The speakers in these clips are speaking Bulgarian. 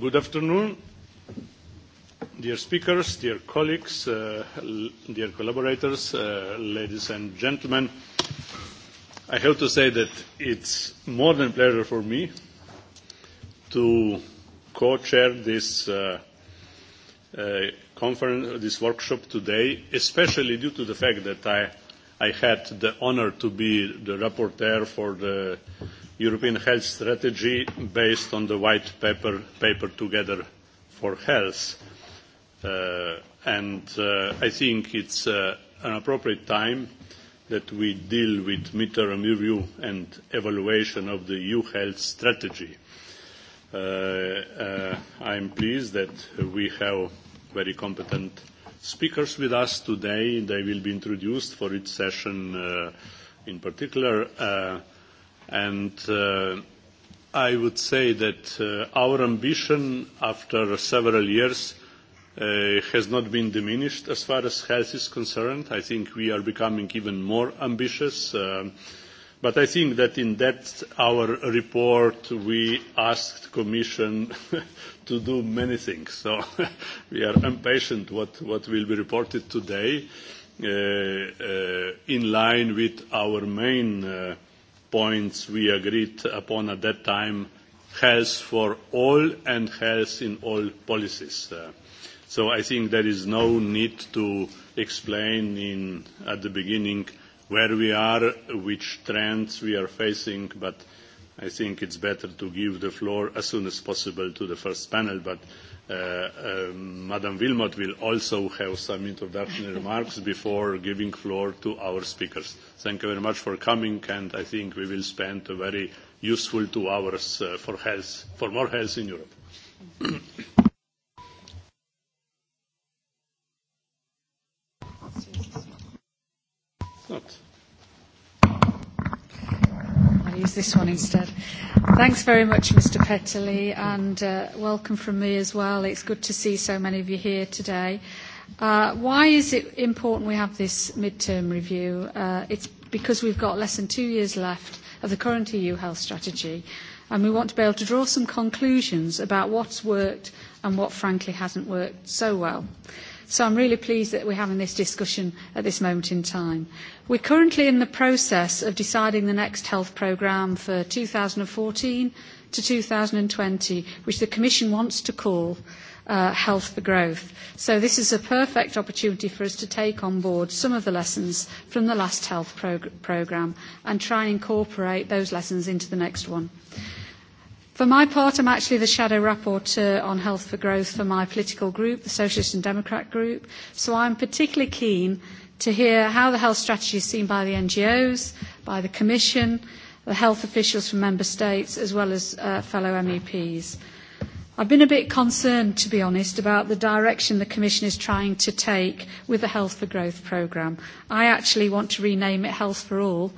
Good afternoon, dear speakers, dear colleagues, dear collaborators, ladies and gentlemen. I have to say that it's more than a pleasure for me to co-chair this conference, this workshop today, especially due to the fact that I, I had the honor to be the rapporteur for the European Health Strategy based on the white paper, paper Together for Health. and I think it's uh, an appropriate time that we deal with midterm review and evaluation of the EU health strategy. I am pleased that we have very competent speakers with us today. They will be introduced for each session in particular. And I would say that our ambition after several years has not been diminished as far as health is concerned. I think we are becoming even more ambitious. But I think that in that our report, we asked Commission to do many things. So we are impatient what what will be reported today, in line with our main points we agreed upon at that time, health for all and health in all policies. So I think there is no need to explain in, at the beginning where we are, which trends we are facing, but I think it's better to give the floor as soon as possible to the first panel, but Madam Wilmot will also have some introductory remarks before giving floor to our speakers. Thank you very much for coming, and I think we will spend a very useful two hours for health, for more health in Europe. Not use this one instead. Thanks very much, Mr. Petterly, and uh, welcome from me as well. It's good to see so many of you here today. Uh, why is it important we have this midterm review? Uh, it's because we've got less than two years left of the current EU health strategy, and we want to be able to draw some conclusions about what's worked and what, frankly, hasn't worked so well. Uh, So I'm really pleased that we're having this discussion at this moment in time. We're currently in the process of deciding the next health programme for 2014 to 2020, which the Commission wants to call uh, Health for Growth. So this is a perfect opportunity for us to take on board some of the lessons from the last health prog- programme and try and incorporate those lessons into the next one. For my part, I'm actually the shadow rapporteur on health for growth for my political group, the Socialist and Democrat group, so I'm particularly keen to hear how the health strategy is seen by the NGOs, by the Commission, the health officials from member states, as well as fellow MEPs. I've been a bit concerned, to be honest, about the direction the Commission is trying to take with the Health for Growth programme. I actually want to rename it Health for All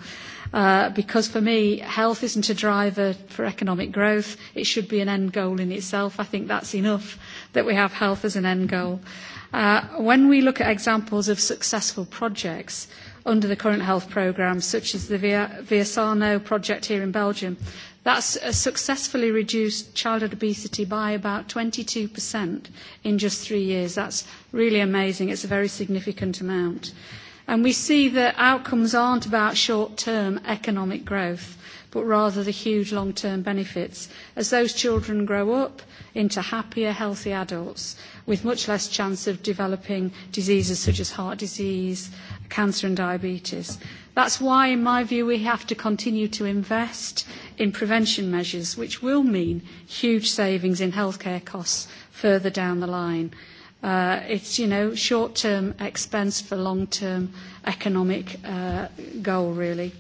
because for me, health isn't a driver for economic growth. It should be an end goal in itself. I think that's enough that we have health as an end goal. when we look at examples of successful projects under the current health programme, such as the Viasano project here in Belgium, That's uh, successfully reduced childhood obesity by about 22% in just three years. That's really amazing. It's a very significant amount. And we see that outcomes aren't about short-term economic growth, but rather the huge long-term benefits as those children grow up into happier, healthy adults with much less chance of developing diseases such as heart disease, cancer and diabetes. That's why, in my view, we have to continue to invest in prevention measures, which will mean huge savings in healthcare costs further down the line. Uh, it's, you know, short-term expense for long-term economic uh, goal, really.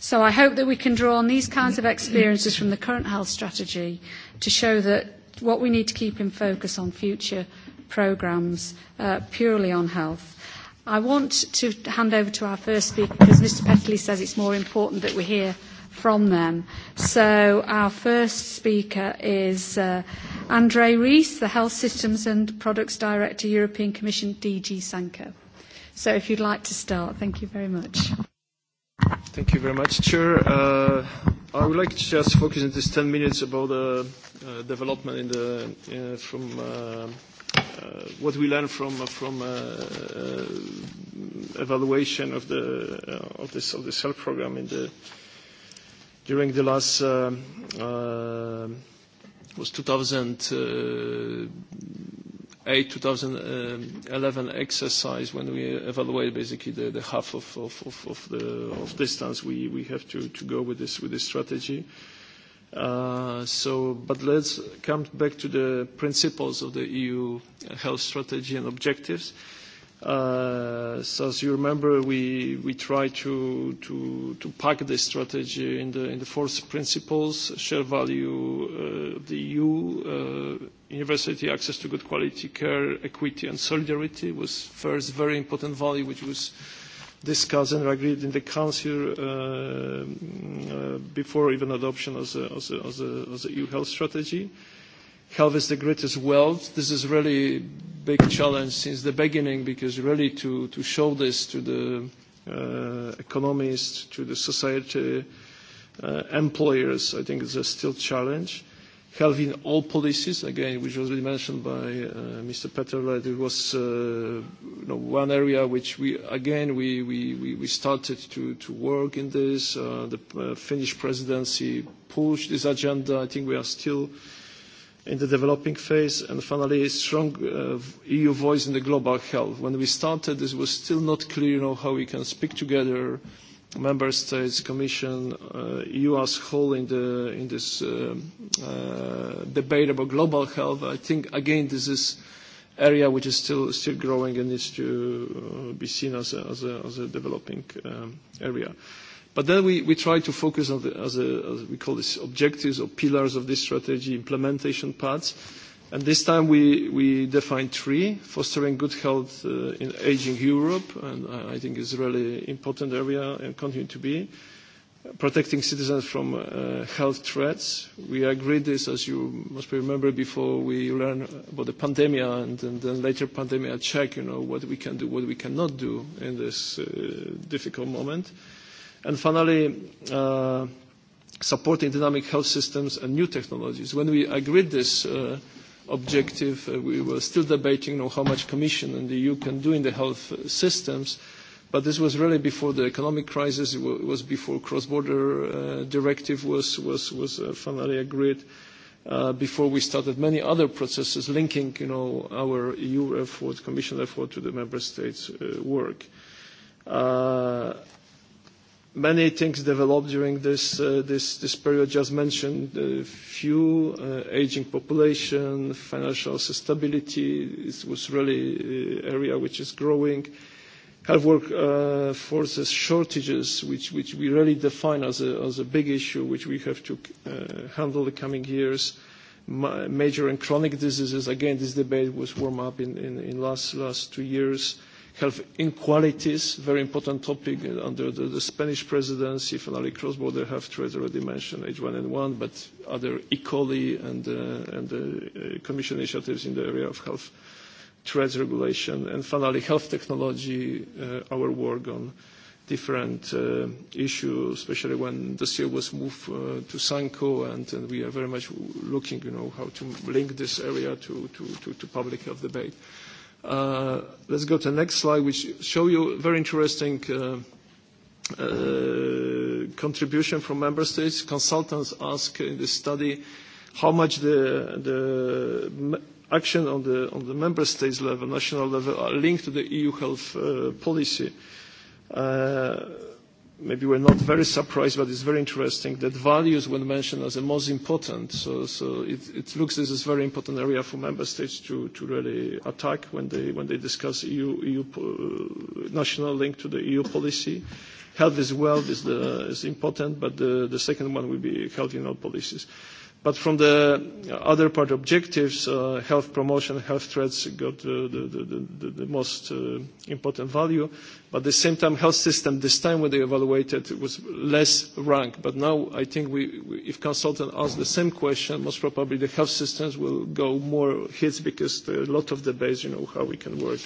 So I hope that we can draw on these kinds of experiences from the current health strategy to show that what we need to keep in focus on future programmes uh, purely on health. I want to hand over to our first speaker because Mr. Pettley says it's more important that we hear from them. So our first speaker is uh, Andre Rees, the Health Systems and Products Director, European Commission, DG Sanko. So if you'd like to start, thank you very much. Thank you very much, Chair. Uh, I would like to just focus in this 10 minutes about the uh, development in the, uh, from uh, what we learn from from evaluation of the of this of the cell program in the during the last uh, uh, was 2008 2011 exercise when we evaluate basically the, the half of of, of, of the of distance we, we have to, to go with this with this strategy. Uh, so, but let's come back to the principles of the EU health strategy and objectives. Uh, so as you remember, we, we try to, to, to pack this strategy in the, in the four principles, share value of the EU, uh, university access to good quality care, equity and solidarity was first very important value, which was uh, discussed and agreed in the Council uh, uh, before even adoption of the, of, the, of, the, of the EU health strategy. Health is the greatest wealth. This is really a big challenge since the beginning because really to, to show this to the uh, economists, to the society, uh, employers, I think it's a still challenge in all policies, again, which was mentioned by uh, Mr. Peterle, it was uh, one area which we, again, we, we, we, we started to, to work in this. Uh, the uh, Finnish presidency pushed this agenda. I think we are still in the developing phase. And finally, a strong uh, EU voice in the global health. When we started, this was still not clear how we can speak together, member states, commission, uh, you as whole in, the, in this uh, uh, debate about global health. I think, again, this is area which is still, still growing and needs to be seen as a, as a, as a developing um, area. But then we, we try to focus on the, as, a, as we call this objectives or pillars of this strategy, implementation parts And this time we, we defined three, fostering good health uh, in aging Europe, and I think it's a really important area and continue to be, protecting citizens from uh, health threats. We agreed this, as you must remember, before we learned about the pandemic and, and then later pandemic check, you know, what we can do, what we cannot do in this uh, difficult moment. And finally, uh, supporting dynamic health systems and new technologies. When we agreed this, uh, objective. We were still debating on how much Commission and the EU can do in the health systems, but this was really before the economic crisis. It was before cross-border directive was was finally agreed, before we started many other processes linking, you know, our EU effort, Commission effort to the member states' work many things developed during this, this, this period just mentioned. a few, uh, aging population, financial stability This was really an area which is growing. Health work uh, forces shortages, which, which we really define as a, as a big issue which we have to uh, handle the coming years. Ma major and chronic diseases, again, this debate was warm up in, in, in last, last two years health inequalities, very important topic under the, the Spanish presidency, finally cross-border health trade already mentioned, H1N1, but other E. coli and, uh, and uh, commission initiatives in the area of health trade regulation, and finally health technology, uh, our work on different uh, issues, especially when the seal was moved uh, to Sanko, and, and we are very much looking, you know, how to link this area to, to, to, to public health debate. Let's go to the next slide, which show you very interesting contribution from member states. Consultants ask in this study how much the action on the on the member states level, national level, are linked to the EU health policy. Uh maybe we're not very surprised, but it's very interesting that values were mentioned as the most important. So, so it, it looks this is a very important area for member states to, to really attack when they, when they discuss EU, EU uh, national link to the EU policy. Health is wealth is, the, is important, but the, the second one will be health in all policies. But from the other part objectives, uh, health promotion, health threats got uh, the, the, the, the most uh, important value. But at the same time, health system, this time when they evaluated, it was less ranked. But now I think we, we, if consultants ask the same question, most probably the health systems will go more hits because there are a lot of debates, you know, how we can work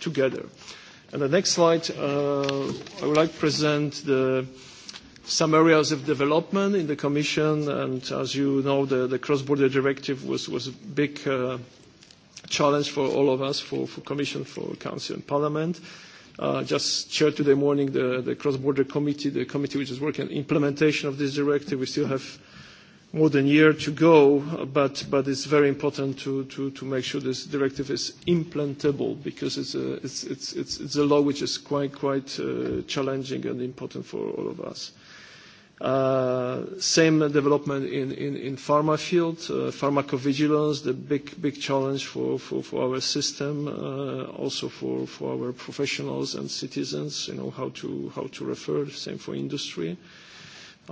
together. And the next slide, uh, I would like to present the some areas of development in the Commission, and as you know, the, the cross-border directive was, was a big uh, challenge for all of us, for, for Commission, for Council and Parliament. Uh, just chaired today morning the, the cross-border committee, the committee which is working on implementation of this directive. We still have more than a year to go, but, but it's very important to, to, to make sure this directive is implantable because it's a, it's, it's, it's, it's a law which is quite, quite uh, challenging and important for all of us. Same development in in in pharma field, pharmacovigilance, the big big challenge for for for our system, also for for our professionals and citizens, you know, how to how to refer, same for industry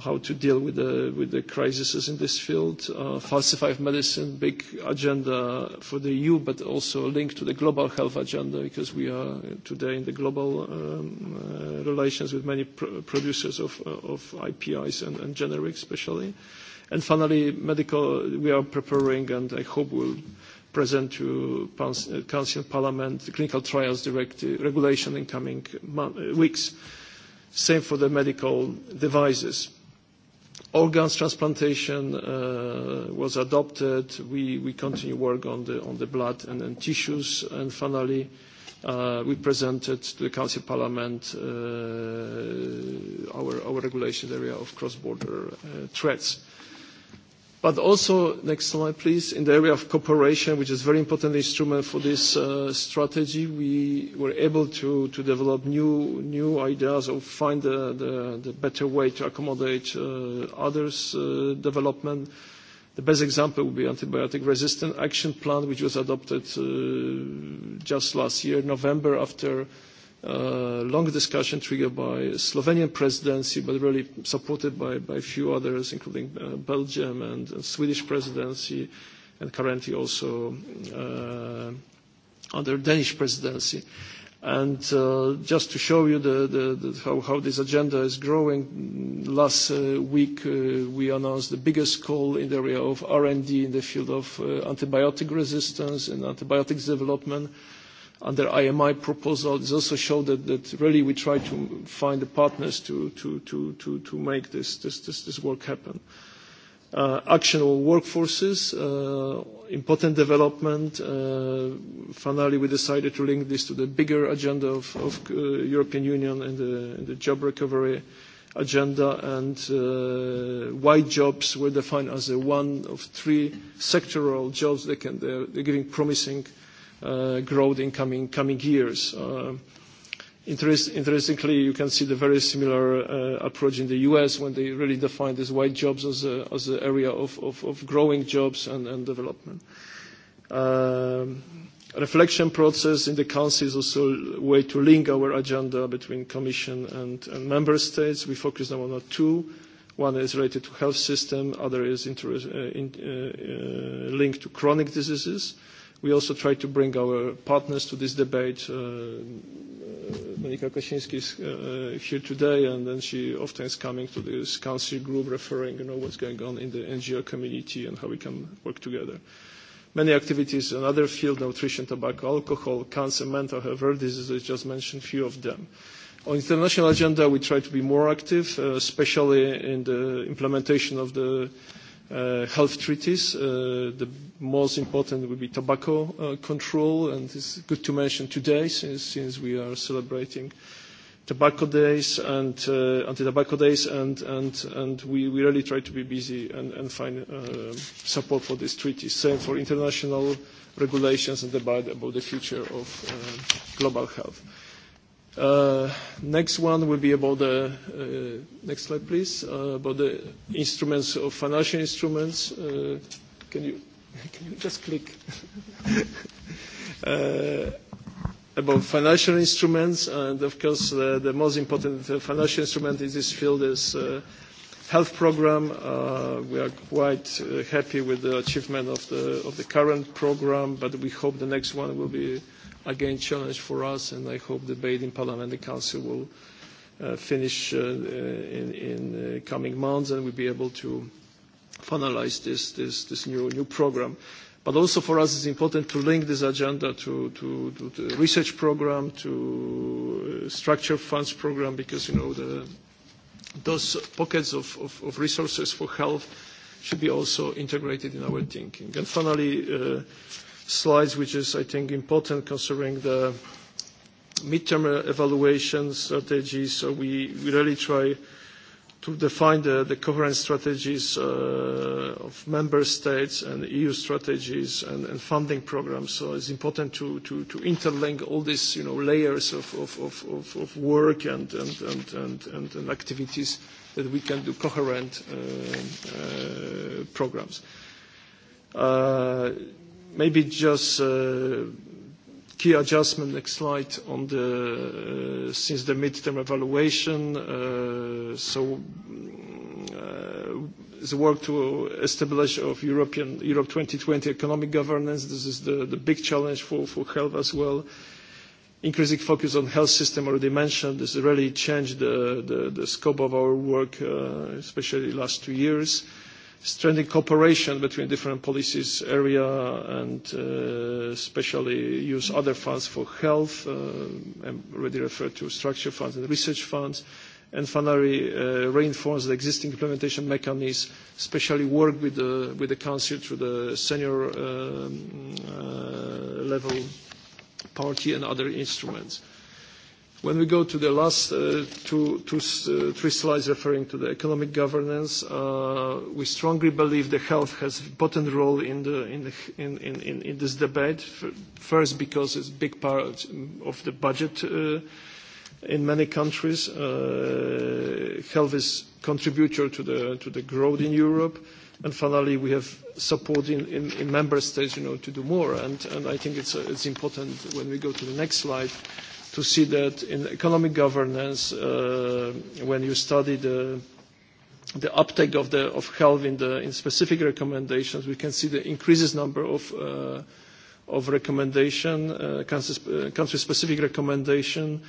how to deal with the, with the crises in this field. Uh, falsified medicine, big agenda for the EU, but also linked to the global health agenda because we are today in the global um, uh, relations with many pr- producers of, of IPIs and, and generics especially. And finally, medical, we are preparing and I hope we'll present to Council and Parliament the clinical trials directive regulation in coming weeks. Same for the medical devices Organs transplantation was adopted. We, we continue work on the, on the blood and, tissues. And finally, uh, we presented to the Council Parliament our, regulation area of cross-border uh, threats. But also, next slide, please, in the area of cooperation, which is a very important instrument for this strategy, we were able to develop new ideas or find the better way to accommodate others' development. The best example would be antibiotic resistant action plan, which was adopted just last year, November, after long discussion triggered by Slovenian presidency, but really supported by, by a few others, including uh, Belgium and, and Swedish presidency, and currently also uh, under Danish presidency. And uh, just to show you the, the, the, how, how this agenda is growing, last uh, week uh, we announced the biggest call in the area of R&D in the field of uh, antibiotic resistance and antibiotics development. Uh, under IMI proposal. It also showed that, that really we try to find the partners to, to, to, to, to make this, this, this, this work happen. actionable workforces, important development. finally, we decided to link this to the bigger agenda of, of European Union and the, job recovery agenda and why jobs were defined as one of three sectoral jobs that can, they're, giving promising growth in coming years. Interestingly, you can see the very similar approach in the U.S. when they really define these white jobs as an area of growing jobs and development. Reflection process in the council is also a way to link our agenda between commission and member states. We focus now on two. One is related to health system, other is linked to chronic diseases. We also try to bring our partners to this debate. Uh Monika Kosinski is uh here today, and then she often is coming to this council group, referring, you know, what's going on in the NGO community and how we can work together. Many activities in other fields, nutrition, tobacco, alcohol, cancer, mental health, rare diseases, I just mentioned a few of them. On international agenda, we try to be more active, uh especially in the implementation of the uh, health treaties. Uh, the most important will be tobacco uh, control, and it's good to mention today since, since we are celebrating tobacco days and uh, anti-tobacco days, and, and, and we, we really try to be busy and, and find uh, support for this treaty. Same for international regulations and debate about the future of uh, global health. Next one will be about the next slide, please. About the instruments of financial instruments. Can you just click? About financial instruments, and of course, the most important financial instrument in this field is health program. We are quite happy with the achievement of the current program, but we hope the next one will be again, challenge for us, and I hope debate in Parliament and Council will finish in the coming months, and we'll be able to finalize this new program. But also for us, it's important to link this agenda to the research program, to structure funds program, because, you know, the those pockets of resources for health should be also integrated in our thinking. And finally, slides, which is, I think, important considering the midterm evaluation strategy. So we really try to define the, the coherent strategies of member states and EU strategies and, and funding programs. So it's important to, to, to interlink all these you know, layers of, of, of, of, of work and, and, and, and, and, and activities that we can do coherent uh, uh, programs. Uh, Maybe just key adjustment, next slide, on the since the midterm evaluation. So, the work to establish of European Europe 2020 economic governance, this is the the big challenge for for health as well. Increasing focus on health system already mentioned. This really changed the the the scope of our work, especially last two years strengthening cooperation between different policies area and especially use other funds for health, I already referred to structure funds and research funds, and finally reinforce the existing implementation mechanisms, especially work with the, with the Council through the senior level party and other instruments. When we go to the last three slides referring to the economic governance, we strongly believe that health has an important role in this debate. First, because it's a big part of the budget in many countries. Health is a contributor to the growth in Europe. And finally, we have support in member states, to do more. And I think it's important when we go to the next slide, to see that in economic governance, uh, when you study the the uptake of the of health in the in specific recommendations, we can see the increases number of uh, of recommendation uh, country-specific recommendation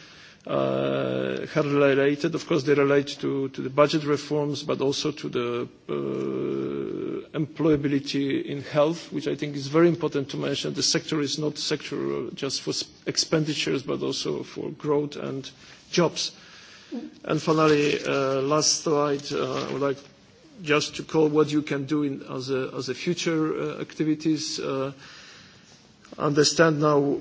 uh, are related. Of course, they relate to, to the budget reforms, but also to the uh, employability in health, which I think is very important to mention. The sector is not sector just for expenditures, but also for growth and jobs. And finally, uh, last slide, uh, I would like just to call what you can do in, as, a, as a future uh, activities. Uh, understand now,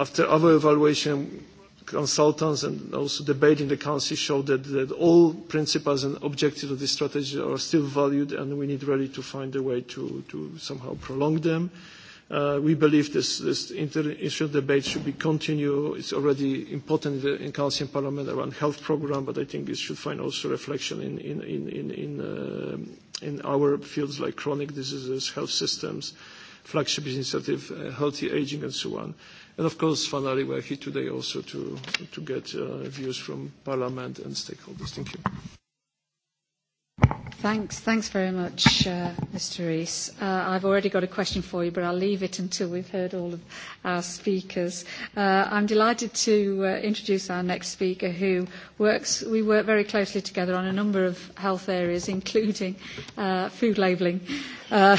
after our evaluation, consultants and also debate in the council showed that, that all principles and objectives of this strategy are still valued and we need really to find a way to, to somehow prolong them. Uh, we believe this, this inter debate should be continued. It's already important in Council and Parliament around health program, but I think it should find also reflection in, in, in, in, in, uh, in our fields like chronic diseases, health systems, flagship initiative, uh, healthy aging, and so on. Uh, And of course, finally, we're here today also to, to get uh, views from Parliament and stakeholders. Thank you. Thanks. Thanks very much, uh, Mr. Rees. Uh, I've already got a question for you, but I'll leave it until we've heard all of our speakers. Uh, I'm delighted to uh, introduce our next speaker, who works. We work very closely together on a number of health areas, including uh, food labelling, uh,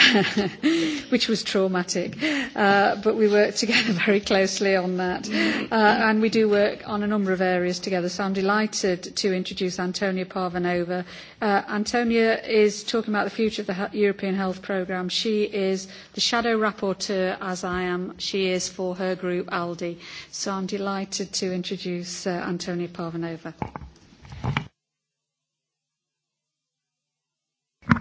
which was traumatic, uh, but we work together very closely on that, uh, and we do work on a number of areas together. So I'm delighted to introduce Antonia Parvanova. Uh, Antonia is talking about the future of the European Health Programme. She is the shadow rapporteur, as I am. She is for her group, ALDI. So I'm delighted to introduce uh, Antonia Parvanova.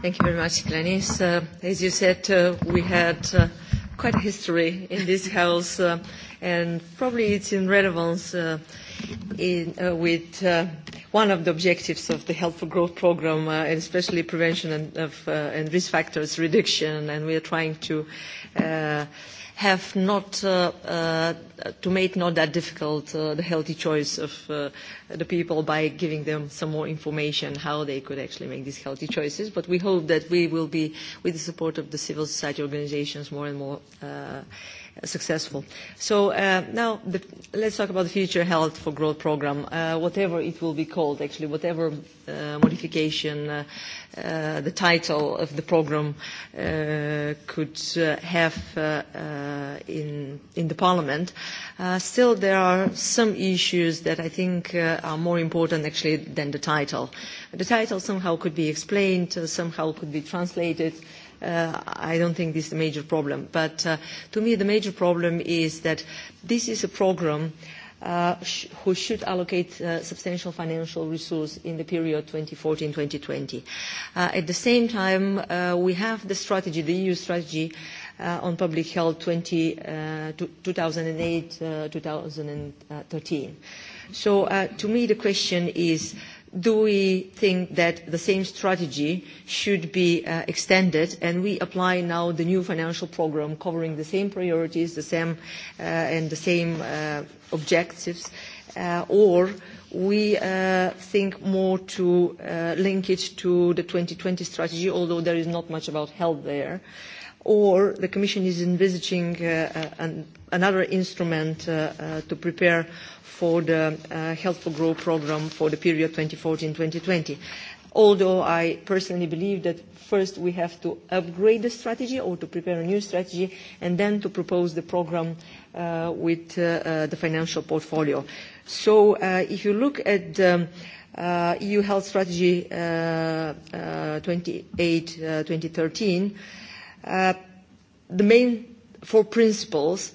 Thank you very much, Glenis. Uh, as you said, uh, we had uh, quite a history in this house, uh, and probably it's in relevance. Uh, in, uh, with uh, one of the objectives of the Health for Growth program, uh, and especially prevention and, of, uh, and risk factors reduction, and we are trying to uh, have not uh, uh, to make not that difficult uh, the healthy choice of uh, the people by giving them some more information how they could actually make these healthy choices. But we hope that we will be, with the support of the civil society organizations, more and more. Uh, successful. So uh, now the, let's talk about the Future Health for Growth program, uh, whatever it will be called, actually, whatever uh, modification uh, uh, the title of the program uh, could uh, have uh, uh, in, in the Parliament. Uh, still, there are some issues that I think uh, are more important, actually, than the title. The title somehow could be explained, uh, somehow could be translated, uh, uh, I don't think this is the major problem. But uh, to me, the major problem is that this is a program uh, sh- who should allocate uh, substantial financial resource in the period 2014-2020. Uh, at the same time, uh, we have the strategy, the EU strategy, uh, on public health 20, uh, 2008-2013. So uh, to me, the question is do we think that the same strategy should be uh, extended and we apply now the new financial program covering the same priorities, the same uh, and the same uh, objectives, uh, or we uh, think more to uh, link it to the 2020 strategy, although there is not much about health there. Or the Commission is envisaging uh, an, another instrument uh, uh, to prepare for the uh, Health for Growth program for the period 2014-2020. Although I personally believe that first we have to upgrade the strategy or to prepare a new strategy and then to propose the program uh, with uh, uh, the financial portfolio. So uh, if you look at um, uh, EU Health Strategy uh, uh, 28 uh, 2013, uh, the main four principles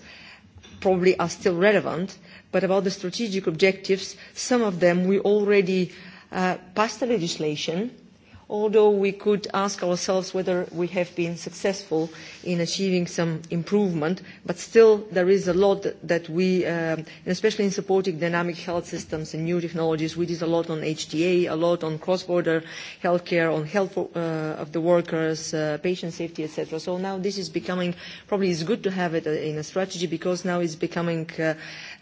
probably are still relevant but about the strategic objectives, some of them we already uh, passed the legislation although we could ask ourselves whether we have been successful in achieving some improvement. But still, there is a lot that we, uh, especially in supporting dynamic health systems and new technologies, we did a lot on HTA, a lot on cross-border healthcare, on health uh, of the workers, uh, patient safety, etc. So now this is becoming, probably it's good to have it in a strategy because now it's becoming uh,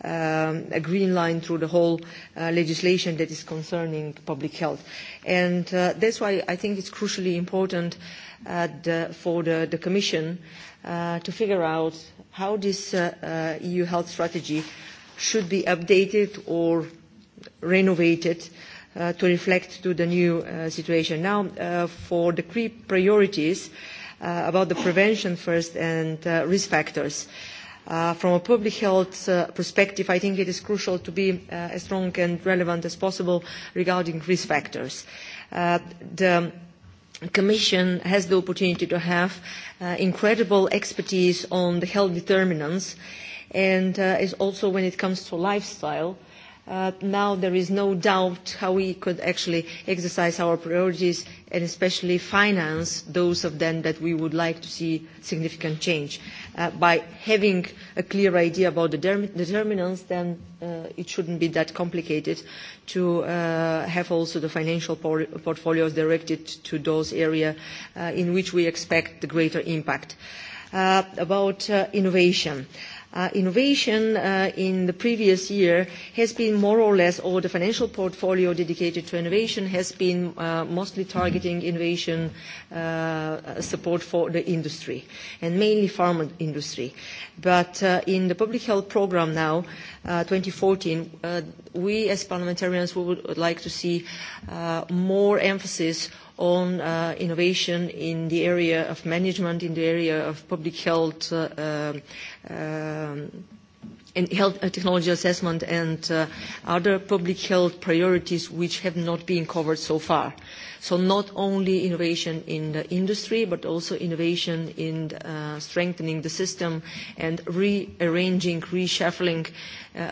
um, a green line through the whole uh, legislation that is concerning public health. And uh, that's why I think it's crucially important uh, the, for the, the Commission uh, to figure out how this uh, uh, EU health strategy should be updated or renovated uh, to reflect to the new uh, situation. Now, uh, for the key priorities uh, about the prevention first and uh, risk factors. Uh, Uh, from a public health uh, perspective, I think it is crucial to be uh, as strong and relevant as possible regarding risk factors. Uh, the Commission has the opportunity to have uh, incredible expertise on the health determinants and uh, is also when it comes to lifestyle uh, now there is no doubt how we could actually exercise our priorities and especially finance those of them that we would like to see significant change. Uh, by having a clear idea about the determinants, then uh, it shouldn't be that complicated to uh, have also the financial por portfolios directed to those areas uh, in which we expect the greater impact. Uh, about uh, innovation. Uh, uh, innovation uh, in the previous year has been more or less, or the financial portfolio dedicated to innovation has been uh, mostly targeting innovation uh, support for the industry, and mainly pharma industry. But uh, in the public health program now, uh, 2014, uh, we as parliamentarians would like to see uh, more emphasis on uh, innovation in the area of management, in the area of public health uh, um, and health technology assessment and uh, other public health priorities which have not been covered so far. So not only innovation in the industry, but also innovation in uh, strengthening the system and rearranging, reshuffling uh,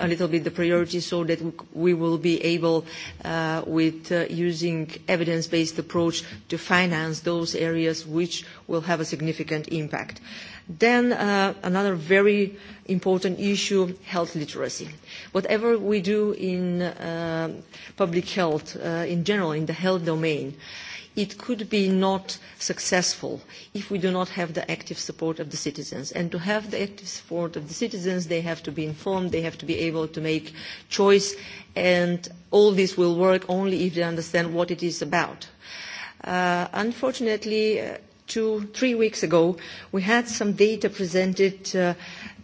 a little bit the priorities so that we will be able, uh, with uh, using evidence-based approach, to finance those areas which will have a significant impact. Uh, Then uh, another very important issue, health literacy. Whatever we do in uh, public health, uh, in general, in the health domain, it could be not successful if we do not have the active support of the citizens. And to have the active support of the citizens, they have to be informed, they have to be able to make choice, and all this will work only if they understand what it is about. Uh, unfortunately, two, three weeks ago, we had some data presented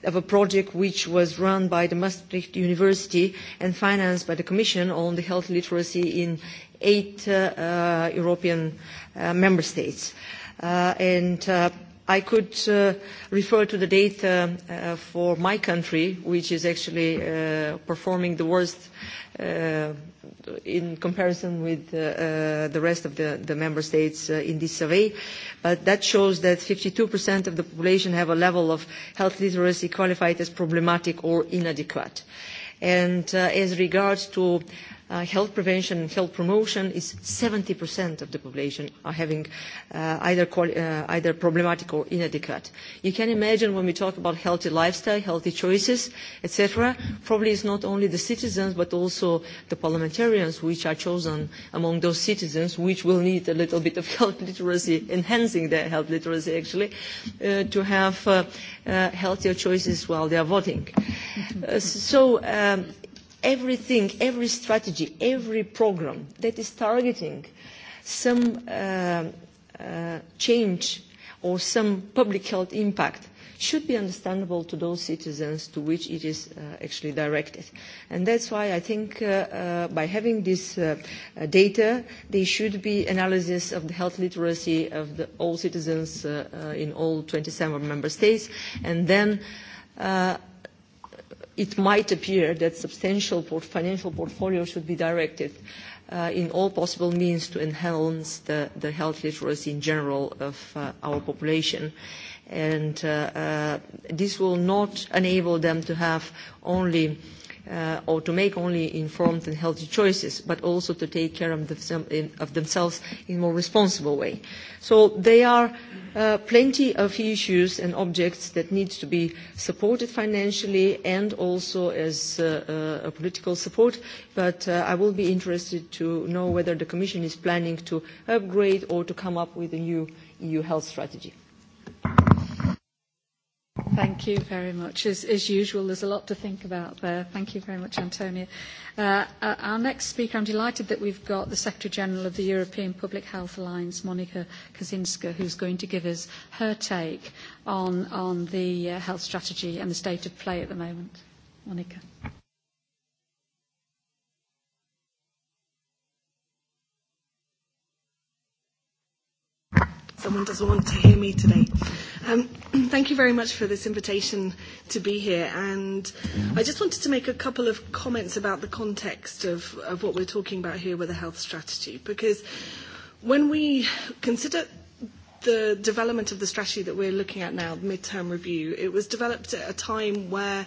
of a project which was run by the Maastricht University and financed by the Commission on the health literacy in eight European member states. and I could uh, refer to the data uh, for my country, which is actually uh, performing the worst uh, in comparison with uh, uh, the rest of the, the member states uh, in this survey. But that shows that 52% of the population have a level of health literacy qualified as problematic or inadequate. And uh, as regards to uh, uh, health prevention and health promotion is 70% of the population are having uh, either, quali- uh, either problematic or inadequate. You can imagine when we talk about healthy lifestyle, healthy choices, etc., probably it's not only the citizens but also the parliamentarians which are chosen among those citizens which will need a little bit of health literacy, enhancing their health literacy actually, uh, to have uh, uh, healthier choices while they are voting. Uh, so um, everything, every strategy, every program that is targeting some uh, uh, change or some public health impact should be understandable to those citizens to which it is uh, actually directed. And that's why I think uh, uh, by having this uh, data, there should be analysis of the health literacy of the, all citizens uh, uh, in all 27 member states, and then uh, it might appear that substantial port financial portfolio should be directed uh, in all possible means to enhance the, the health literacy in general of uh, our population. And uh, uh, this will not enable them to have only uh, uh, or to make only informed and healthy choices, but also to take care of, them, of themselves in a more responsible way. So there are uh, plenty of issues and objects that need to be supported financially and also as uh, a political support, but uh, I will be interested to know whether the Commission is planning to upgrade or to come up with a new EU health strategy. Thank you very much. As, as usual, there's a lot to think about there. Thank you very much, Antonia. Uh, our next speaker, I'm delighted that we've got the Secretary-General of the European Public Health Alliance, Monica Kaczynska, who's going to give us her take on, on the uh, health strategy and the state of play at the moment. Monica. Someone doesn't want to hear me today. Um, thank you very much for this invitation to be here. And I just wanted to make a couple of comments about the context of, of what we're talking about here with the health strategy. Because when we consider the development of the strategy that we're looking at now, the midterm review, it was developed at a time where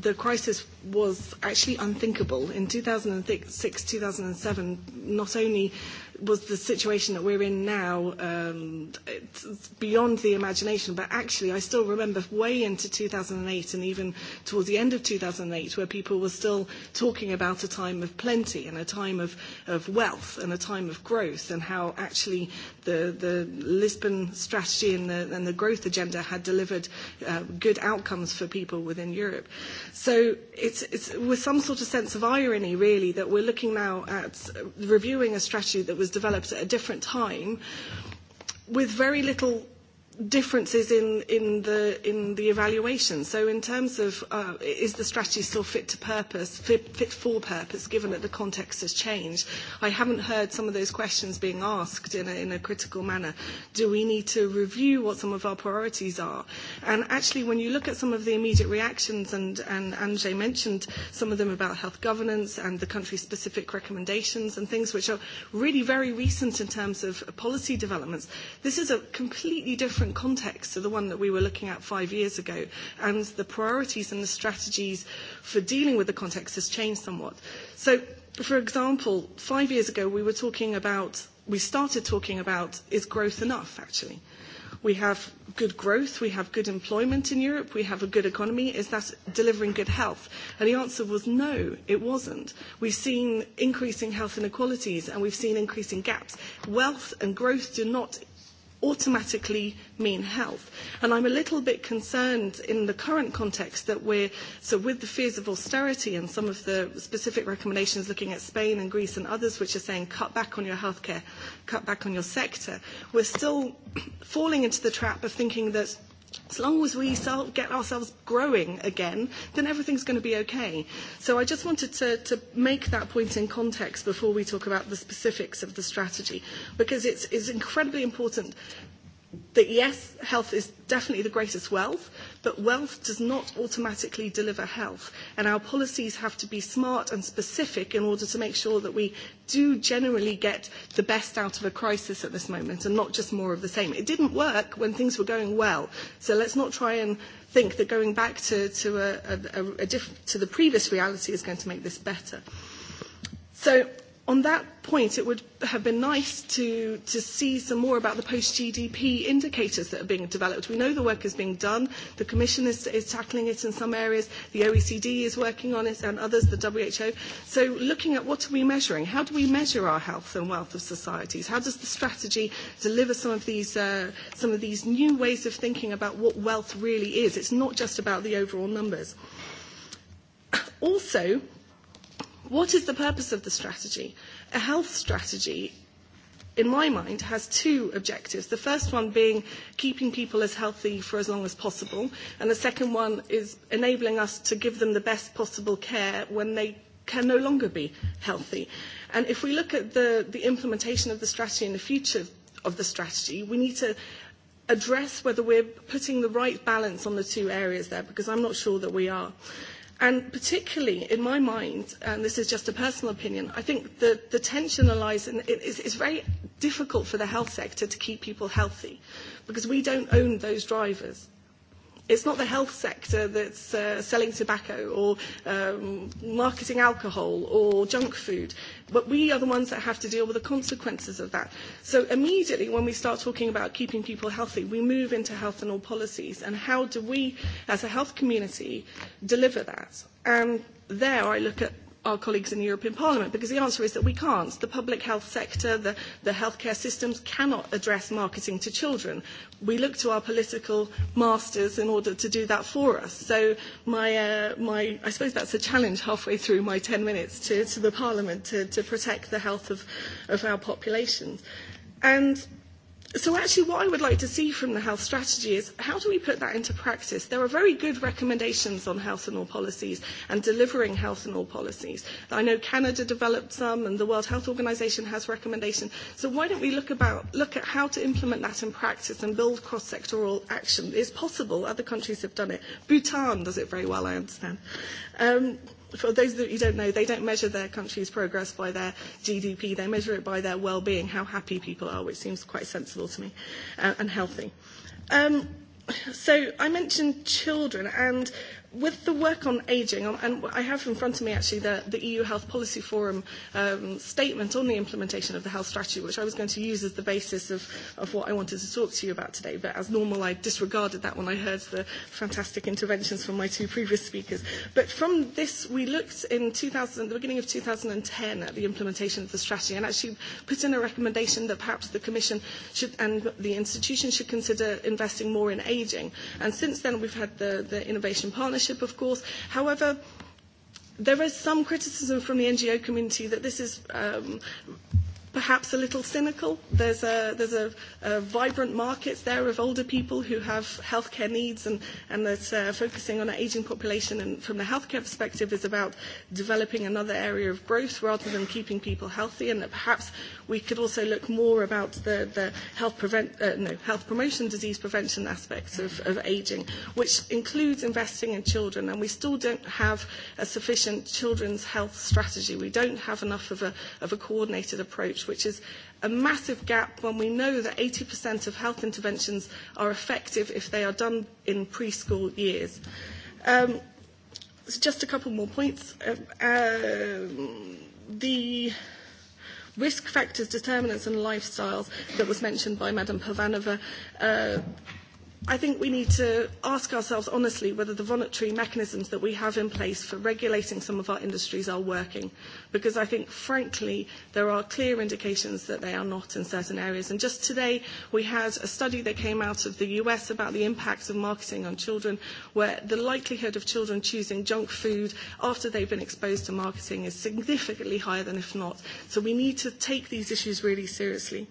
the crisis was actually unthinkable. In 2006, 2007, not only was the situation that we're in now um, it's beyond the imagination, but actually I still remember way into 2008 and even towards the end of 2008 where people were still talking about a time of plenty and a time of, of wealth and a time of growth and how actually the, the Lisbon strategy and the, and the growth agenda had delivered uh, good outcomes for people within Europe. So it it's, it's with some sort of sense of irony, really, that we're looking now at reviewing a strategy that was developed at a different time with very little differences in, in, the, in the evaluation. So in terms of uh, is the strategy still fit to purpose, fit, fit for purpose, given that the context has changed, I haven't heard some of those questions being asked in a, in a critical manner. Do we need to review what some of our priorities are? And actually, when you look at some of the immediate reactions, and, and Anjay mentioned some of them about health governance and the country-specific recommendations and things which are really very recent in terms of policy developments, this is a completely different different context to the one that we were looking at five years ago, and the priorities and the strategies for dealing with the context has changed somewhat. So, for example, five years ago we were talking about, we started talking about is growth enough actually? We have good growth, we have good employment in Europe, we have a good economy. Is that delivering good health? And the answer was no, it wasn't. We've seen increasing health inequalities and we've seen increasing gaps. Wealth and growth do not automatically mean health. And I'm a little bit concerned in the current context that we're, so with the fears of austerity and some of the specific recommendations looking at Spain and Greece and others, which are saying cut back on your healthcare, cut back on your sector, we're still falling into the trap of thinking that as long as we sell, get ourselves growing again, then everything's going to be okay. So I just wanted to, to make that point in context before we talk about the specifics of the strategy, because it's, it's incredibly important that yes, health is definitely the greatest wealth, but wealth does not automatically deliver health. And our policies have to be smart and specific in order to make sure that we do generally get the best out of a crisis at this moment and not just more of the same. It didn't work when things were going well. So let's not try and think that going back to, to, a, a, a diff- to the previous reality is going to make this better. So on that point, it would have been nice to, to see some more about the post-GDP indicators that are being developed. We know the work is being done. The Commission is, is tackling it in some areas. The OECD is working on it and others, the WHO. So looking at what are we measuring? How do we measure our health and wealth of societies? How does the strategy deliver some of these, uh, some of these new ways of thinking about what wealth really is? It's not just about the overall numbers. Also, What is the purpose of the strategy? A health strategy in my mind, has two objectives. The first one being keeping people as healthy for as long as possible, and the second one is enabling us to give them the best possible care when they can no longer be healthy. And if we look at the, the implementation of the strategy and the future of the strategy, we need to address whether we're putting the right balance on the two areas there, because I'm not sure that we are. And particularly, in my mind, and this is just a personal opinion, I think the, the tension lies in it is, it's very difficult for the health sector to keep people healthy because we don't own those drivers. It's not the health sector that's uh, selling tobacco or um, marketing alcohol or junk food, but we are the ones that have to deal with the consequences of that. So immediately when we start talking about keeping people healthy, we move into health and all policies and how do we as a health community deliver that? And there I look at our colleagues in the European Parliament because the answer is that we can't. The public health sector, the, the healthcare systems cannot address marketing to children. We look to our political masters in order to do that for us. So my, uh, my, I suppose that's a challenge halfway through my 10 minutes to, to the Parliament to, to protect the health of, of our populations. And So actually what I would like to see from the health strategy is how do we put that into practice? There are very good recommendations on health and all policies and delivering health and all policies. I know Canada developed some and the World Health Organization has recommendations. So why don't we look, about, look at how to implement that in practice and build cross-sectoral action? It's possible. Other countries have done it. Bhutan does it very well, I understand. Um, for those that you don't know, they don't measure their country's progress by their GDP. They measure it by their well-being, how happy people are, which seems quite sensible to me, uh, and healthy. Um, so I mentioned children, and with the work on ageing, and I have in front of me actually the, the EU Health Policy Forum um, statement on the implementation of the health strategy, which I was going to use as the basis of, of what I wanted to talk to you about today. But as normal, I disregarded that when I heard the fantastic interventions from my two previous speakers. But from this, we looked in 2000, the beginning of 2010 at the implementation of the strategy and actually put in a recommendation that perhaps the Commission should, and the institution should consider investing more in ageing. And since then, we've had the, the Innovation Partnership ownership, of course. However, there is some criticism from the NGO community that this is um, perhaps a little cynical. There's a, there's a, a vibrant market there of older people who have healthcare needs, and, and that uh, focusing on an aging population and from the healthcare perspective is about developing another area of growth rather than keeping people healthy, and that perhaps we could also look more about the, the health, prevent, uh, no, health promotion, disease prevention aspects of, of aging, which includes investing in children, and we still don't have a sufficient children's health strategy. We don't have enough of a, of a coordinated approach reach, which is a massive gap when we know that 80% of health interventions are effective if they are done in preschool years. Um, so just a couple more points. Um, the risk factors, determinants and lifestyles that was mentioned by Madame Pavanova, uh, I think we need to ask ourselves honestly whether the voluntary mechanisms that we have in place for regulating some of our industries are working, because I think, frankly, there are clear indications that they are not in certain areas. And just today, we had a study that came out of the US about the impacts of marketing on children, where the likelihood of children choosing junk food after they've been exposed to marketing is significantly higher than if not. So we need to take these issues really seriously.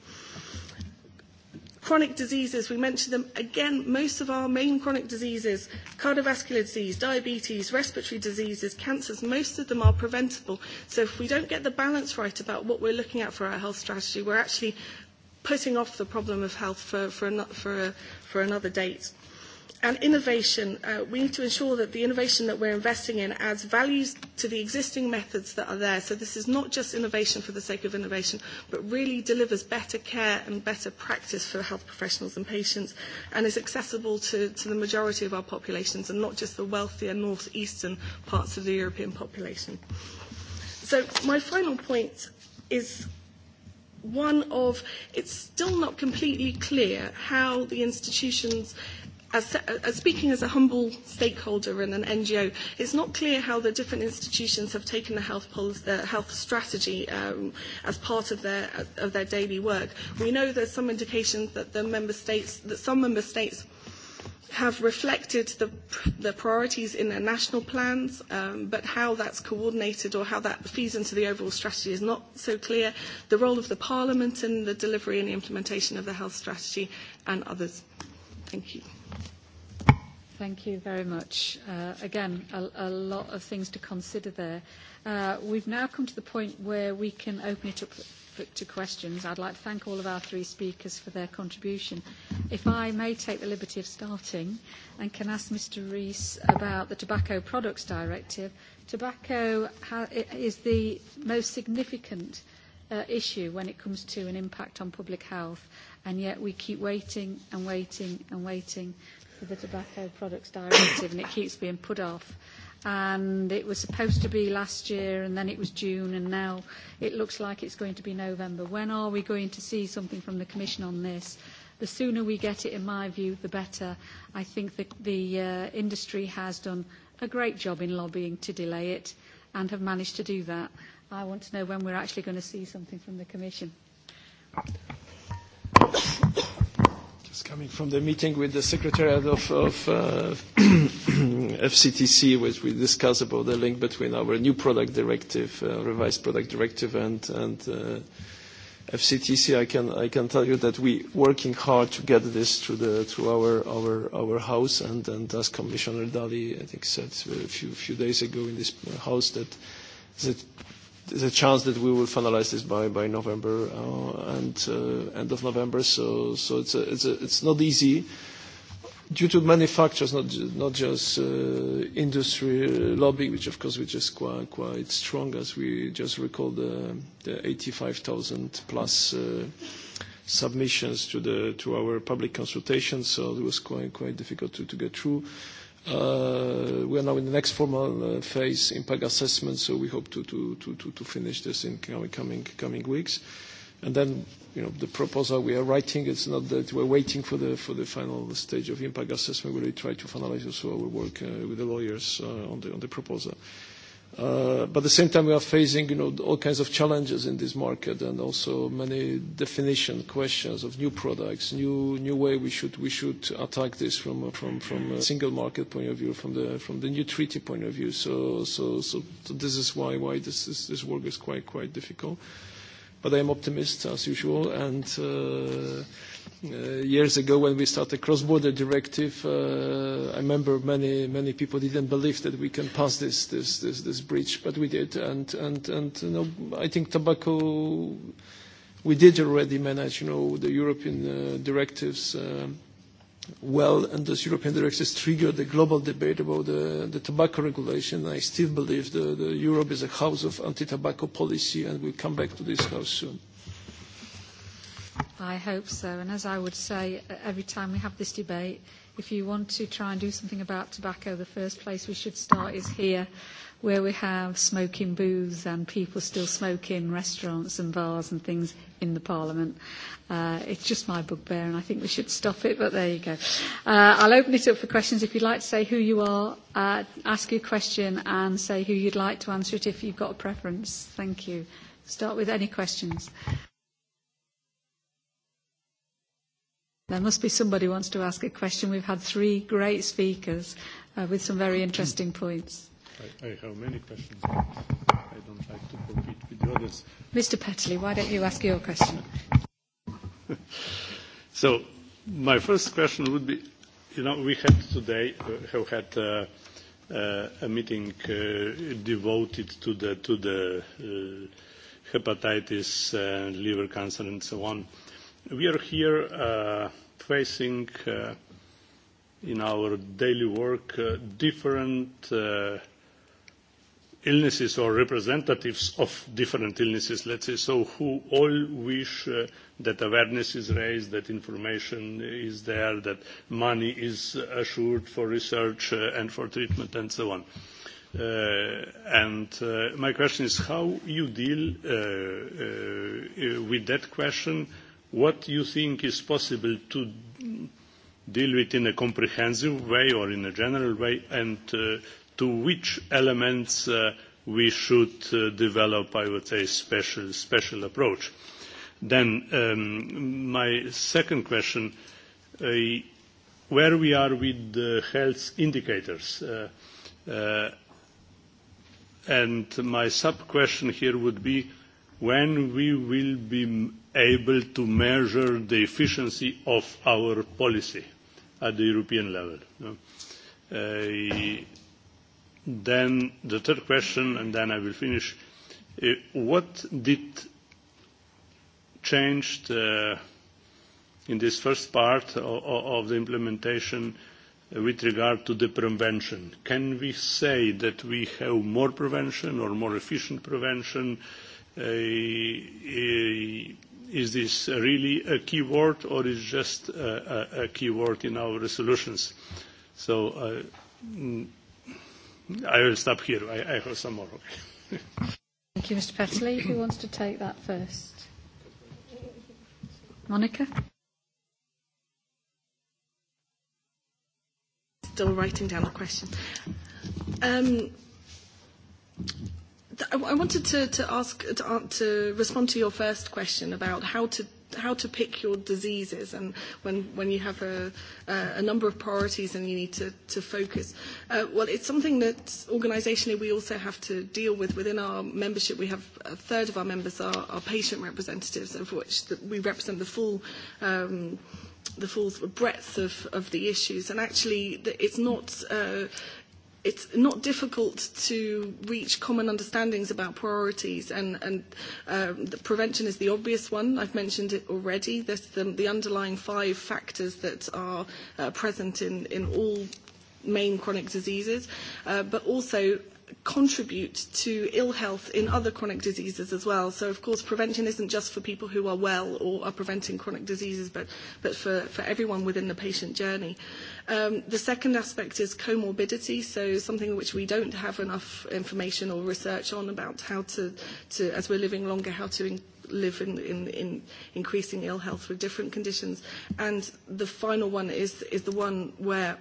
Chronic diseases, we mentioned them again, most of our main chronic diseases, cardiovascular disease, diabetes, respiratory diseases, cancers, most of them are preventable. So if we don't get the balance right about what we're looking at for our health strategy, we're actually putting off the problem of health for, for, an, for, a, for another date and innovation, uh, we need to ensure that the innovation that we're investing in adds values to the existing methods that are there. So this is not just innovation for the sake of innovation, but really delivers better care and better practice for health professionals and patients and is accessible to, to the majority of our populations and not just the wealthier northeastern parts of the European population. So my final point is one of it's still not completely clear how the institutions as, as speaking as a humble stakeholder in an NGO, it's not clear how the different institutions have taken the health, policy, the health strategy um, as part of their, of their daily work. We know there's some indications that, the member states, that some member states have reflected the, the priorities in their national plans, um, but how that's coordinated or how that feeds into the overall strategy is not so clear. The role of the Parliament in the delivery and the implementation of the health strategy and others. Thank you. Thank you very much. Uh, again, a, a lot of things to consider there. Uh, we've now come to the point where we can open it up to questions. I'd like to thank all of our three speakers for their contribution. If I may take the liberty of starting and can ask Mr Rees about the Tobacco Products Directive. Tobacco is the most significant uh, issue when it comes to an impact on public health, and yet we keep waiting and waiting and waiting for the Tobacco Products Directive, and it keeps being put off. And it was supposed to be last year, and then it was June, and now it looks like it's going to be November. When are we going to see something from the Commission on this? The sooner we get it, in my view, the better. I think the, the uh, industry has done a great job in lobbying to delay it and have managed to do that. I want to know when we're actually going to see something from the Commission. Just coming from the meeting with the Secretariat of, of uh, FCTC, which we discussed about the link between our new product directive, uh, revised product directive, and, and uh, FCTC, I can, I can tell you that we working hard to get this through, the, through our, our, our house, and, and as Commissioner Dali, I think, said a few, few days ago in this house, that, that there's a chance that we will finalize this by by November uh, and uh, end of November. So so it's a, it's a, it's not easy due to many factors, not not just uh, industry lobby, which of course which is quite quite strong, as we just recall the the 85,000 plus. Uh, submissions to the to our public consultation so it was quite quite difficult to, to get through We are now in the next formal phase, impact assessment, so we hope to finish this in coming weeks. And then, you know, the proposal we are writing, it's not that we're waiting for the final stage of impact assessment. We really try to finalize also our work with the lawyers on the proposal. But at the same time, we are facing, you know, all kinds of challenges in this market and also many definition questions of new products, new new way we should we should attack this from from from a single market point of view, from the from the new treaty point of view. So so so this is why why this is this work is quite quite difficult. But I am optimist as usual, and uh years ago when we started cross-border directive, I remember many many people didn't believe that we can pass this this this, this breach, but we did. And and and you know, I think tobacco, we did already manage you know the European uh, directives. Uh, well, and those European directives triggered the global debate about the, the tobacco regulation. I still believe the, the Europe is a house of anti-tobacco policy, and we'll come back to this house soon. I hope so. And as I would say every time we have this debate, if you want to try and do something about tobacco, the first place we should start is here, where we have smoking booths and people still smoke in restaurants and bars and things in the Parliament. Uh, it's just my bugbear, and I think we should stop it, but there you go. Uh, I'll open it up for questions. If you'd like to say who you are, uh, ask your question and say who you'd like to answer it if you've got a preference. Thank you. Start with any questions. There must be somebody who wants to ask a question. We've had three great speakers uh, with some very interesting points. I, I have many questions. I don't like to compete with the others. Mr. Petley, why don't you ask your question? so, my first question would be, you know, we had today, uh, have had uh, uh, a meeting uh, devoted to the, to the uh, hepatitis, uh, liver cancer, and so on we are here uh, facing uh, in our daily work uh, different uh, illnesses or representatives of different illnesses, let's say, so who all wish uh, that awareness is raised, that information is there, that money is assured for research uh, and for treatment and so on. Uh, and uh, my question is how you deal uh, uh, with that question uh, what you think is possible to deal with in a comprehensive way or in a general way, and to which elements we should develop, I would say, special special approach. Then my second question, where we are with the health indicators. And my sub-question here would be when we will be able to measure the efficiency of our policy at the European level. Then the third question, and then I will finish. What did change in this first part of the implementation with regard to the prevention? Can we say that we have more prevention or more efficient prevention? is this really a key word or is just a, a, a key word in our resolutions? So uh, I will stop here. I, I have some more. Thank you, Mr. Petley. Who wants to take that first? Monica? Still writing down the question. Um, I wanted to, to ask to, to respond to your first question about how to how to pick your diseases and when, when you have a, a number of priorities and you need to, to focus. Uh, well, it's something that organizationally we also have to deal with. Within our membership, we have a third of our members are, are patient representatives, of which the, we represent the full um, the full breadth of, of the issues. And actually, it's not. Uh, it's not difficult to reach common understandings about priorities, and, and um, the prevention is the obvious one. I've mentioned it already. There's the, the underlying five factors that are uh, present in, in all main chronic diseases, uh, but also contribute to ill health in other chronic diseases as well. So, of course, prevention isn't just for people who are well or are preventing chronic diseases, but, but for, for everyone within the patient journey. Uh, Um, the second aspect is comorbidity, so something which we don't have enough information or research on about how to, to as we're living longer, how to in, live in, in, in increasing ill health with different conditions. And the final one is, is the one where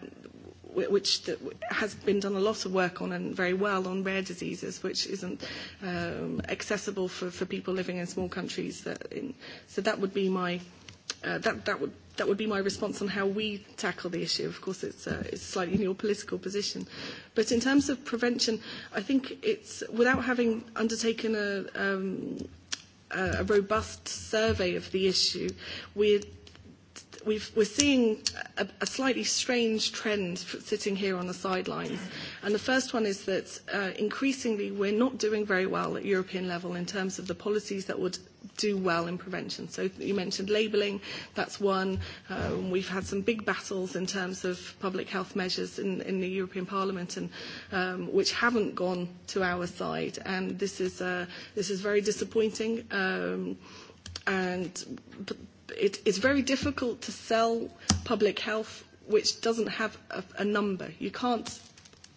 which that has been done a lot of work on and very well on rare diseases, which isn't um, accessible for, for people living in small countries. That in, so that would be my uh, that that would that would be my response on how we tackle the issue. Of course, it's, uh, it's slightly in your political position. But in terms of prevention, I think it's without having undertaken a, um, a robust survey of the issue, we're we've, we're seeing a, a slightly strange trend sitting here on the sidelines. And the first one is that uh, increasingly we're not doing very well at European level in terms of the policies that would do well in prevention. So you mentioned labelling, that's one. Um, we've had some big battles in terms of public health measures in, in the European Parliament, and um, which haven't gone to our side, and this is uh, this is very disappointing. Um, and it, it's very difficult to sell public health which doesn't have a, a number. You can't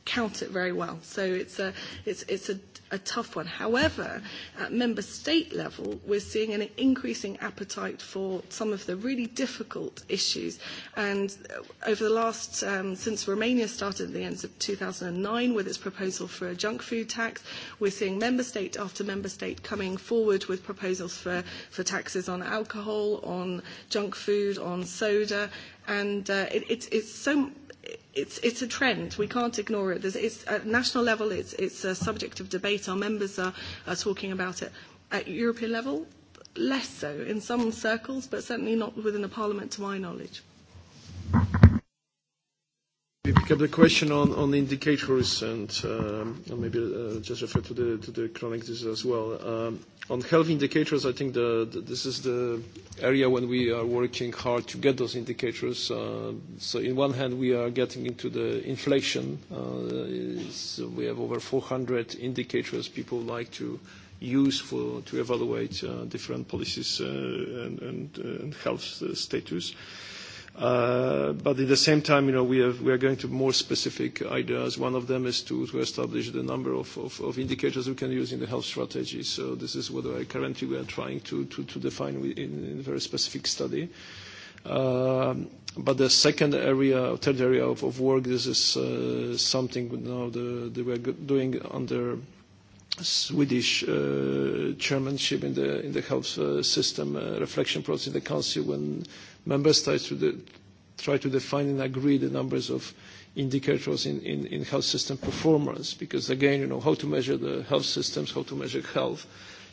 count it very well. So it's a, it's, it's a, a tough one. However, at member state level, we're seeing an increasing appetite for some of the really difficult issues. And over the last, um, since Romania started at the end of 2009 with its proposal for a junk food tax, we're seeing member state after member state coming forward with proposals for, for taxes on alcohol, on junk food, on soda. And uh, it, it's, it's so it's, it's a trend. We can't ignore it. There's, it's, at national level, it's, it's a subject of debate. Our members are, are talking about it. At European level, less so in some circles, but certainly not within the Parliament, to my knowledge. Thank you. We pick up the question on, on indicators and, um, maybe uh, just refer to the, to the chronic disease as well. Um, on health indicators, I think the, this is the area when we are working hard to get those indicators. Uh, so in one hand, we are getting into the inflation. Uh, so we have over 400 indicators people like to use for, to evaluate uh, different policies uh, and, and, and health status. But at the same time, you know, we have we are going to more specific ideas. One of them is to to establish the number of of of indicators we can use in the health strategy. So this is what currently we are trying to to to define in a very specific study. But the second area, or third area of of work, this is something now that we are doing under Swedish chairmanship in the in the health system reflection process in the council when member states to the, try to define and agree the numbers of indicators in, in, in health system performance because again, you know, how to measure the health systems, how to measure health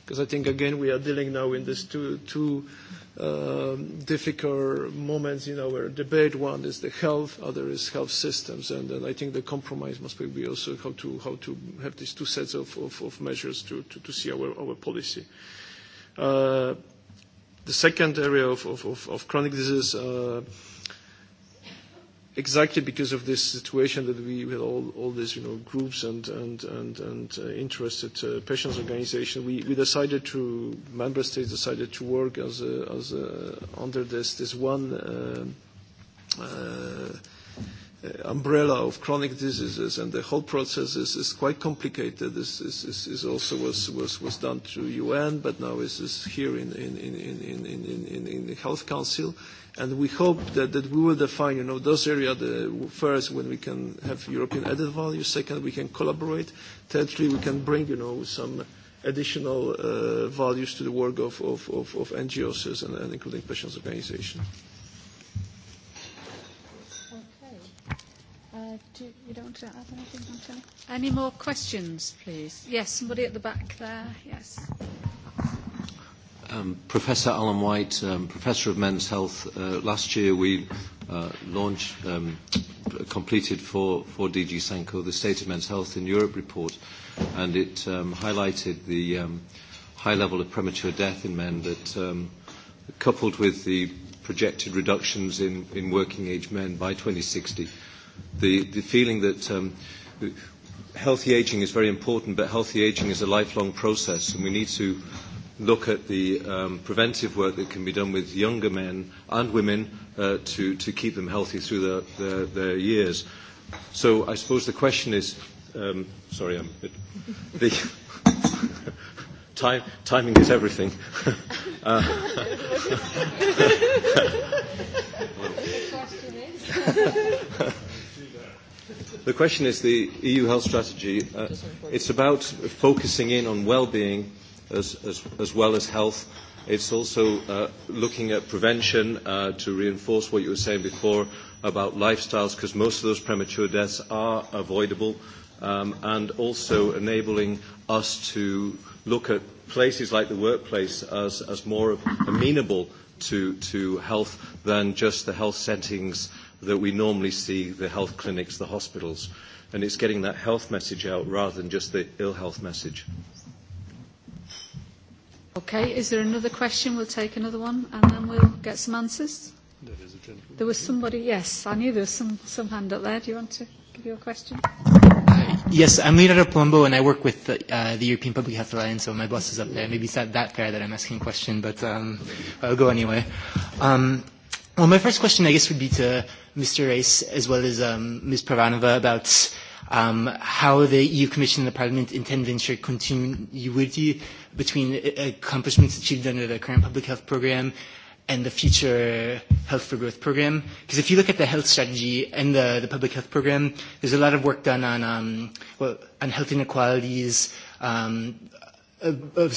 because I think again we are dealing now in these two, two um, difficult moments in our debate. One is the health, other is health systems, and, and I think the compromise must be also how to how to have these two sets of, of, of measures to, to, to see our, our policy. Uh, the second area of, of, of, of chronic disease, uh, exactly because of this situation that we with all, all these you know, groups and, and, and, and uh, interested uh, patients organization we, we decided to, member states decided to work as a, as a, under this, this one uh, uh, umbrella of chronic diseases, and the whole process is, is quite complicated. This is, is, is also was, was, was done through UN, but now is, is here in, in, in, in, in, in, in, in the Health Council. And we hope that, that we will define, you know, those areas, the first, when we can have European added value, second, we can collaborate, thirdly, we can bring, you know, some additional uh, values to the work of, of, of, of NGOs and, and including patients' organizations. do you don't add anything, Anthony? Any more questions, please? Yes, somebody at the back there. Yes. Um, Professor Alan White, um, Professor of Men's Health. Uh, last year we uh, launched, um, completed for, for DG Senko the State of Men's Health in Europe report, and it um, highlighted the um, high level of premature death in men that, um, coupled with the projected reductions in, in working age men by 2060, the, the feeling that um, healthy aging is very important, but healthy aging is a lifelong process, and we need to look at the um, preventive work that can be done with younger men and women uh, to, to keep them healthy through their, their, their years. So I suppose the question is, um, sorry, I'm it, the time, timing is everything. uh, The question is the EU health strategy. Uh, it's about focusing in on well-being as, as, as well as health. It's also uh, looking at prevention uh, to reinforce what you were saying before about lifestyles, because most of those premature deaths are avoidable, um, and also enabling us to look at places like the workplace as, as more amenable to, to health than just the health settings that we normally see the health clinics, the hospitals. And it's getting that health message out rather than just the ill health message. Okay, is there another question? We'll take another one and then we'll get some answers. There is a gentleman. There was somebody, yes, I knew there was some, some hand up there. Do you want to give your question? Yes, I'm Leonardo Palumbo, and I work with the, uh, the European Public Health Alliance, so my boss is up there. Maybe it's not that fair that I'm asking a question, but um, I'll go anyway. Um, Well, my first question, I guess, would be to Mr. Race as well as um, Ms. Pravanova about um, how the EU Commission and the Parliament intend to ensure continuity between accomplishments achieved under the current public health program and the future Health for Growth program. Because if you look at the health strategy and the, the public health program, there's a lot of work done on, um, well, on health inequalities. Um, of,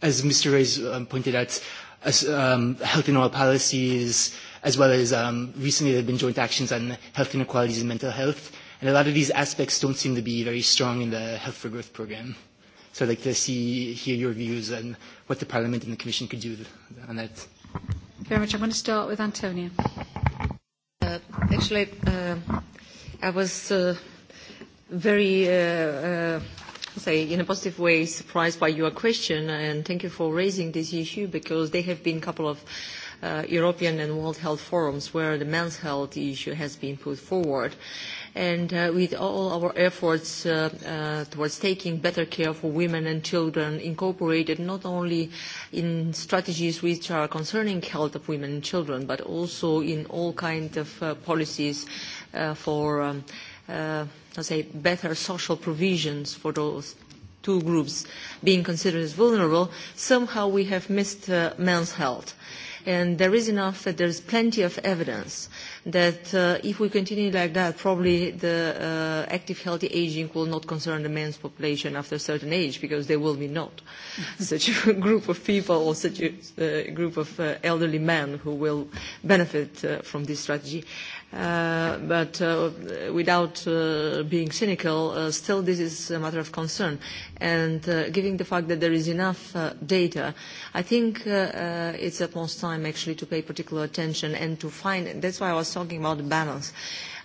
as Mr. Race um, pointed out, as, um, health and oral policies, as well as um, recently there have been joint actions on health inequalities and mental health. And a lot of these aspects don't seem to be very strong in the Health for Growth program. So I'd like to see, hear your views on what the Parliament and the Commission could do on that. Thank you very much. I'm going to start with Antonia. Uh, actually, uh, I was uh, very uh, uh, say, in a positive way, surprised by your question, and thank you for raising this issue because there have been a couple of uh, European and World Health Forums where the men's health issue has been put forward. And uh, with all our efforts uh, uh, towards taking better care for women and children incorporated not only in strategies which are concerning health of women and children, but also in all kinds of uh, policies uh, for um, uh, let's say, better social provisions for those two groups being considered as vulnerable, somehow we have missed uh, men's health. And there is enough that there is plenty of evidence that uh, if we continue like that, probably the uh, active healthy aging will not concern the men's population after a certain age because there will be not such a group of people or such a uh, group of uh, elderly men who will benefit uh, from this strategy but without being cynical, still this is a matter of concern. And given the fact that there is enough data, I think it's most time actually to pay particular attention and to find, that's why I was talking about the balance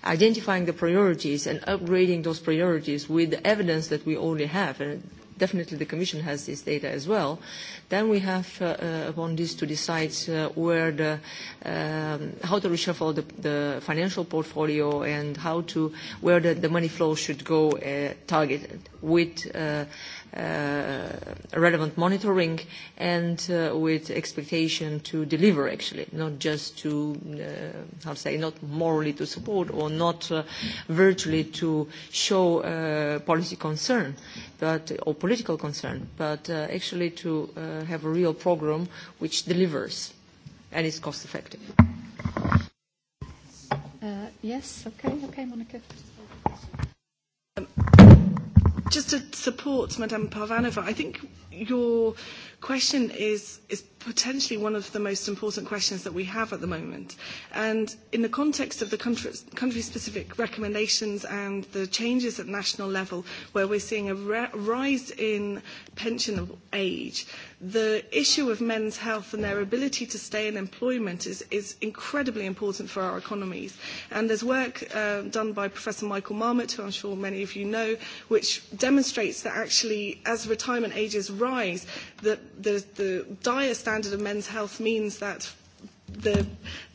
identifying the priorities and upgrading those priorities with the evidence that we already have. And definitely the Commission has this data as well, then we have uh, upon this to decide uh, where the, um, how to reshuffle the, the financial portfolio and how to, where the, the money flow should go uh, targeted with uh, relevant monitoring and with expectation to deliver actually, not just to, how to say, not morally to support or not virtually to show policy concern but or political concern, but actually to have a real program which delivers and is cost effective. Yes. Okay. Okay, Monica just to support Madame Parvanova, I think your question is, is potentially one of the most important questions that we have at the moment. And in the context of the country-specific recommendations and the changes at national level, where we're seeing a rise in pension age, The issue of men's health and their ability to stay in employment is, is incredibly important for our economies. And there's work uh, done by Professor Michael Marmot, who I'm sure many of you know, which demonstrates that actually as retirement ages rise, the, the, the dire standard of men's health means that the,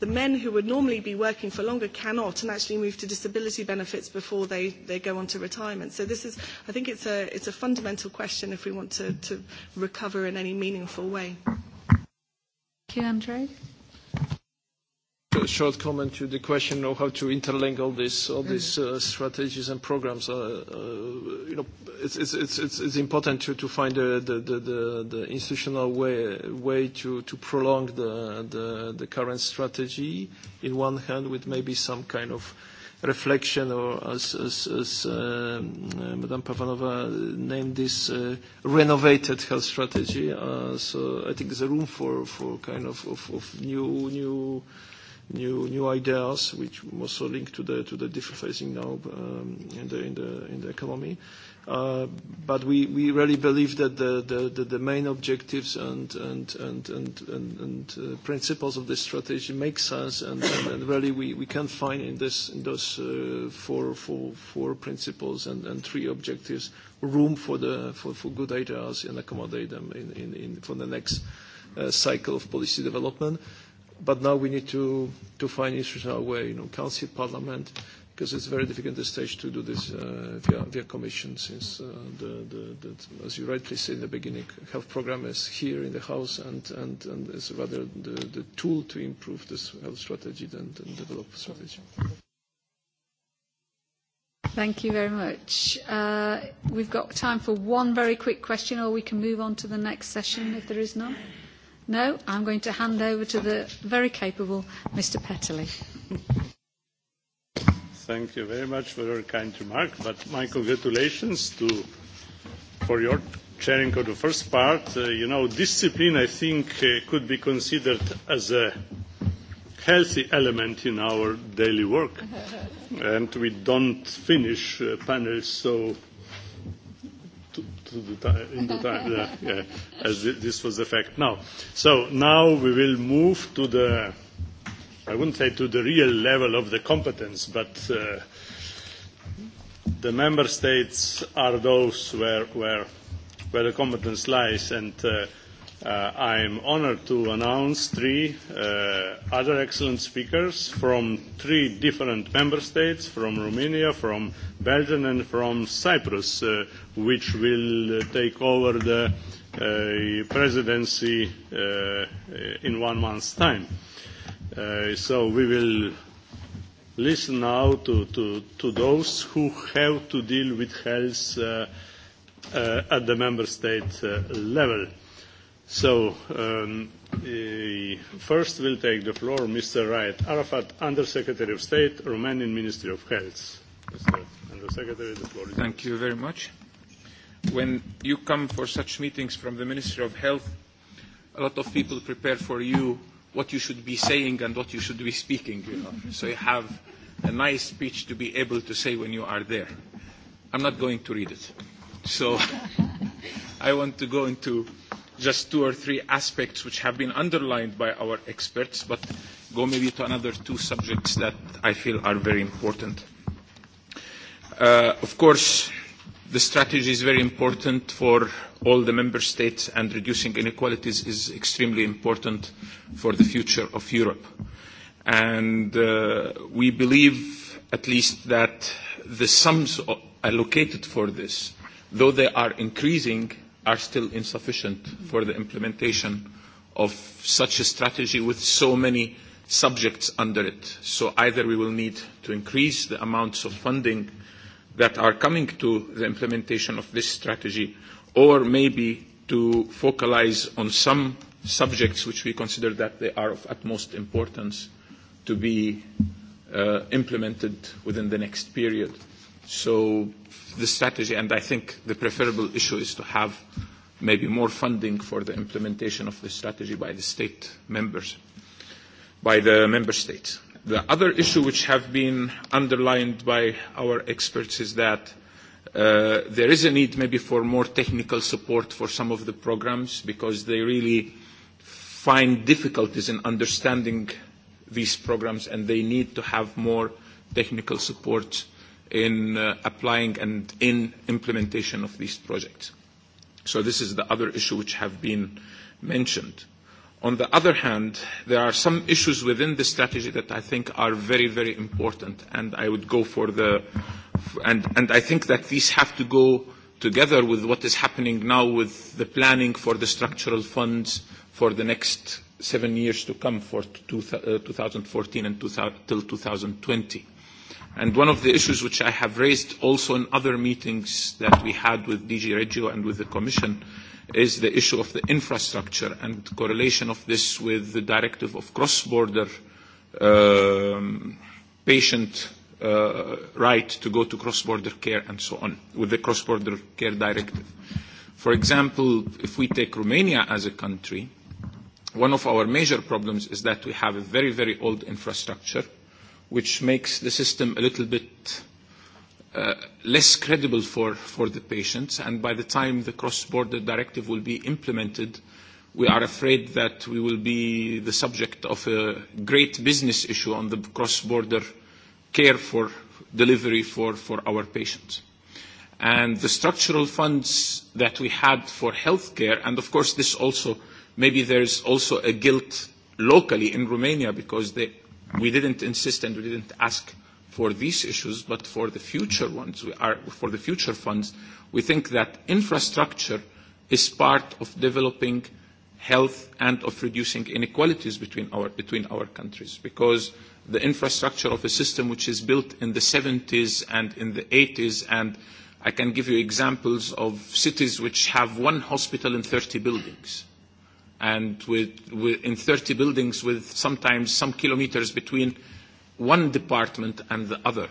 the men who would normally be working for longer cannot and actually move to disability benefits before they, they go on to retirement. So this is, I think it's a, it's a fundamental question if we want to, to recover in any meaningful way. Thank you, Andrew a short comment to the question of how to interlink all this all these uh, strategies and programs. Uh, uh, you know, it's it's it's it's important to to find the the the, the institutional way way to to prolong the, the the current strategy. In one hand, with maybe some kind of reflection or as as as Madame Pavanova named this renovated health strategy. So I think there's a room for for kind of of of new new new new ideas, which also link to the to the different now um, in the in the in the economy. but we, we really believe that the, the, the, the main objectives and, and, and, and, and, and uh, principles of this strategy make sense and, and, and really we, we can find in, this, in those uh, four, four, four principles and, and three objectives room for, the, for, for good ideas and accommodate them in, in, in, for the next uh, cycle of policy development. But now we need to, to find institutional way, you know, Council, Parliament, because it's very difficult at this stage to do this uh, via, via Commission, since uh, the, the, the, as you rightly said in the beginning, health program is here in the House and, and, and is rather the, the tool to improve this health strategy than, than develop strategy. Thank you very much. Uh, we've got time for one very quick question, or we can move on to the next session if there is none. No, I'm going to hand over to the very capable Mr. Petterly. Thank you very much for your kind remark, but my congratulations to for your chairing of the first part. you know, discipline, I think, could be considered as a healthy element in our daily work, and we don't finish panels so to the time, in the time yeah, yeah, as this was the fact now. So now we will move to the, I wouldn't say to the real level of the competence, but uh, the member states are those where, where, where the competence lies and uh, I am honoured to announce three other excellent speakers from three different member states, from Romania, from Belgium, and from Cyprus, which will take over the presidency in one month's time. so we will listen now to, to, to those who have to deal with health at the member state level So, um, first will take the floor Mr. Raed Arafat, Undersecretary of State, Romanian Ministry of Health. Mr. Undersecretary, the floor is Thank you very much. When you come for such meetings from the Ministry of Health, a lot of people prepare for you what you should be saying and what you should be speaking, you know. So you have a nice speech to be able to say when you are there. I'm not going to read it. So I want to go into just two or three aspects which have been underlined by our experts, but go maybe to another two subjects that I feel are very important. of course, the strategy is very important for all the member states, and reducing inequalities is extremely important for the future of Europe. And we believe, at least, that the sums allocated for this, though they are increasing, are still insufficient for the implementation of such a strategy with so many subjects under it. So either we will need to increase the amounts of funding that are coming to the implementation of this strategy, or maybe to focalize on some subjects which we consider that they are of utmost importance to be uh, implemented within the next period. So the strategy, and I think the preferable issue is to have maybe more funding for the implementation of the strategy by the state members, by the member states. The other issue which have been underlined by our experts is that uh, there is a need maybe for more technical support for some of the programs because they really find difficulties in understanding these programs and they need to have more technical support in uh, applying and in implementation of these projects. So this is the other issue which have been mentioned. On the other hand, there are some issues within the strategy that I think are very, very important, and I would go for the, and, and I think that these have to go together with what is happening now with the planning for the structural funds for the next seven years to come for 2014 and till 2020. And one of the issues which I have raised also in other meetings that we had with DG Regio and with the Commission is the issue of the infrastructure and correlation of this with the directive of cross-border patient right to go to cross-border care and so on, with the cross-border care directive. For example, if we take Romania as a country, one of our major problems is that we have a very, very old infrastructure – which makes the system a little bit uh, less credible for, for the patients. And by the time the cross-border directive will be implemented, we are afraid that we will be the subject of a great business issue on the cross-border care for delivery for, for our patients. And the structural funds that we had for healthcare, and of course this also, maybe there is also a guilt locally in Romania because they We didn't insist and we didn't ask for these issues, but for the future ones, we are, for the future funds, we think that infrastructure is part of developing health and of reducing inequalities between our, between our countries because the infrastructure of a system which is built in the 70s and in the 80s and I can give you examples of cities which have one hospital in 30 buildings and with, with, in 30 buildings with sometimes some kilometers between one department and the other.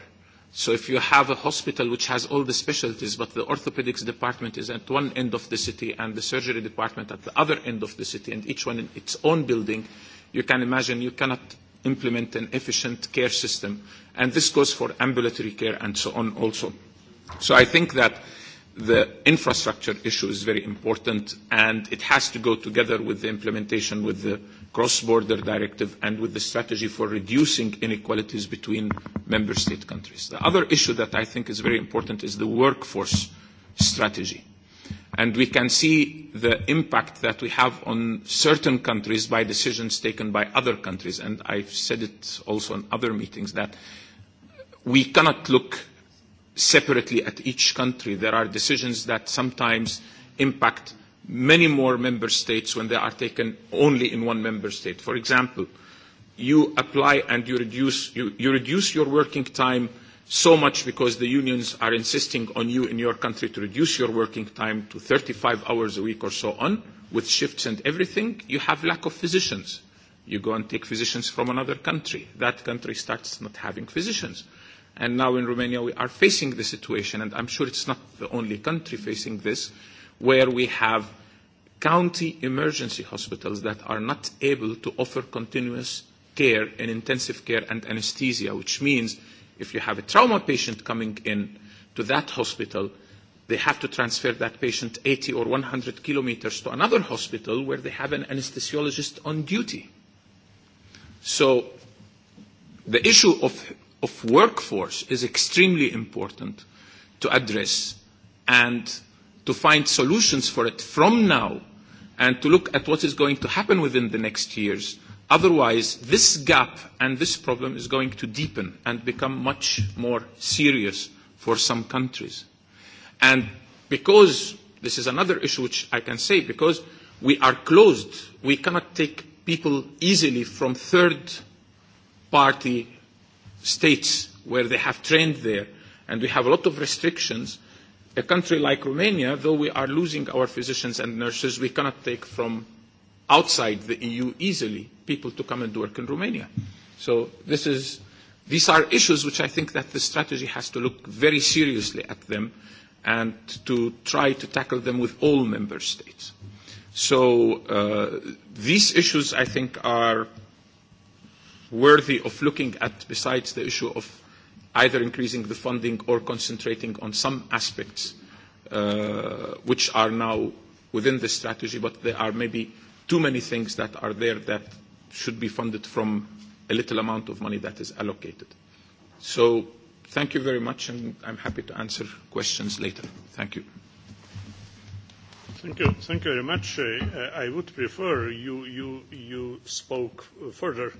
So if you have a hospital which has all the specialties, but the orthopedics department is at one end of the city and the surgery department at the other end of the city, and each one in its own building, you can imagine you cannot implement an efficient care system. And this goes for ambulatory care and so on also. So I think that the infrastructure issue is very important, and it has to go together with the implementation with the cross-border directive and with the strategy for reducing inequalities between member state countries. The other issue that I think is very important is the workforce strategy. And we can see the impact that we have on certain countries by decisions taken by other countries. And I've said it also in other meetings that we cannot look separately at each country. There are decisions that sometimes impact many more member states when they are taken only in one member state. For example, you apply and you reduce, you, you reduce your working time so much because the unions are insisting on you in your country to reduce your working time to 35 hours a week or so on, with shifts and everything, you have lack of physicians. You go and take physicians from another country. That country starts not having physicians. And now in Romania, we are facing the situation, and I'm sure it's not the only country facing this, where we have county emergency hospitals that are not able to offer continuous care in intensive care and anesthesia, which means if you have a trauma patient coming in to that hospital, they have to transfer that patient 80 or 100 kilometers to another hospital where they have an anesthesiologist on duty. So the issue of of workforce is extremely important to address and to find solutions for it from now and to look at what is going to happen within the next years. Otherwise, this gap and this problem is going to deepen and become much more serious for some countries. And because this is another issue which I can say, because we are closed, we cannot take people easily from third party states where they have trained there, and we have a lot of restrictions. A country like Romania, though we are losing our physicians and nurses, we cannot take from outside the EU easily people to come and work in Romania. So this is, these are issues which I think that the strategy has to look very seriously at them and to try to tackle them with all member states. So uh, these issues, I think, are worthy of looking at besides the issue of either increasing the funding or concentrating on some aspects uh, which are now within the strategy, but there are maybe too many things that are there that should be funded from a little amount of money that is allocated. So thank you very much, and I'm happy to answer questions later. Thank you. Thank you. Thank you very much. I would prefer you you you spoke further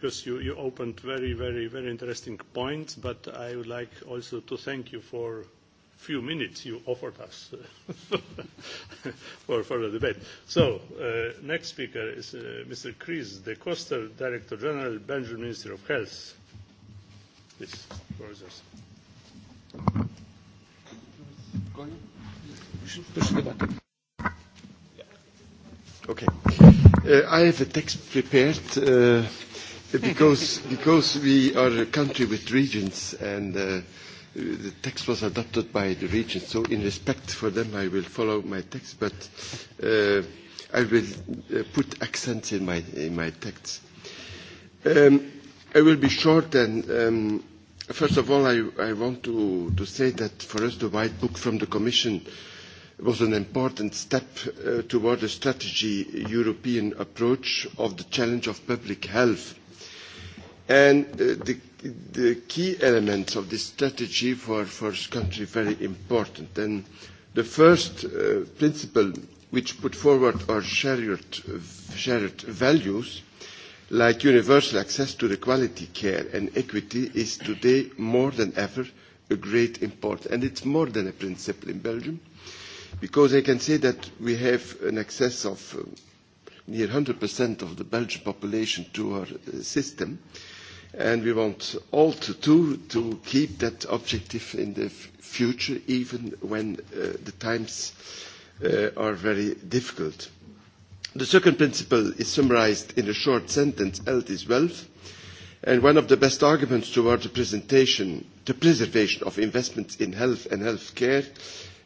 because you, you opened very, very, very interesting points, but I would like also to thank you for few minutes you offered us for, for the debate. So, uh, next speaker is uh, Mr. Chris De Costa, Director General, Belgian Ministry of Health. Please, floor is yours. Okay. Uh, I have a text prepared. Uh, because, because we are a country with regions and uh, the text was adopted by the regions, so in respect for them I will follow my text, but uh, I will uh, put accents in my, in my text. Um, I will be short and um, first of all I, I want to, to say that for us the White Book from the Commission was an important step uh, toward a strategy European approach of the challenge of public health And the, the key elements of this strategy for, first country are very important. And the first uh, principle which put forward our shared, shared values, like universal access to the quality care and equity, is today more than ever a great importance. And it's more than a principle in Belgium, because I can say that we have an access of uh, near 100% of the Belgian population to our uh, system, uh, and we want all to do to keep that objective in the future, even when the times are very difficult. The second principle is summarised in a short sentence, health is wealth, and one of the best arguments towards the presentation, the preservation of investments in health and health care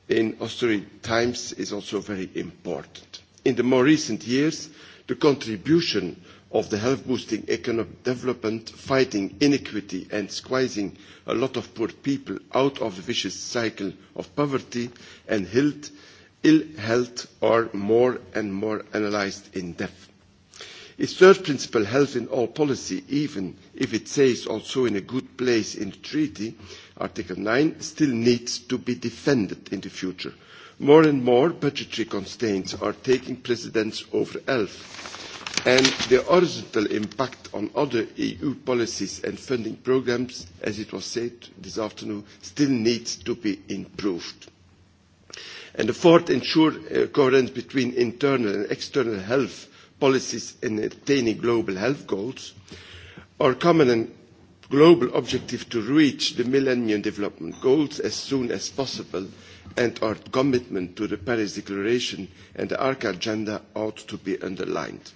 in austere times is also very important. In the more recent years, the contribution of the health boosting economic development, fighting inequity and squeezing a lot of poor people out of the vicious cycle of poverty and health, ill health are more and more analysed in depth. Its third principle, health in all policy, even if it says also in a good place in the treaty, Article nine, still needs to be defended in the future. More and more budgetary constraints are taking precedence over health and the horizontal impact on other EU policies and funding programmes, as it was said this afternoon, still needs to be improved. And the fourth, ensure coherence between internal and external health policies in attaining global health goals. Our common and global objective to reach the Millennium Development Goals as soon as possible and our commitment to the Paris Declaration and the ARC agenda ought to be underlined.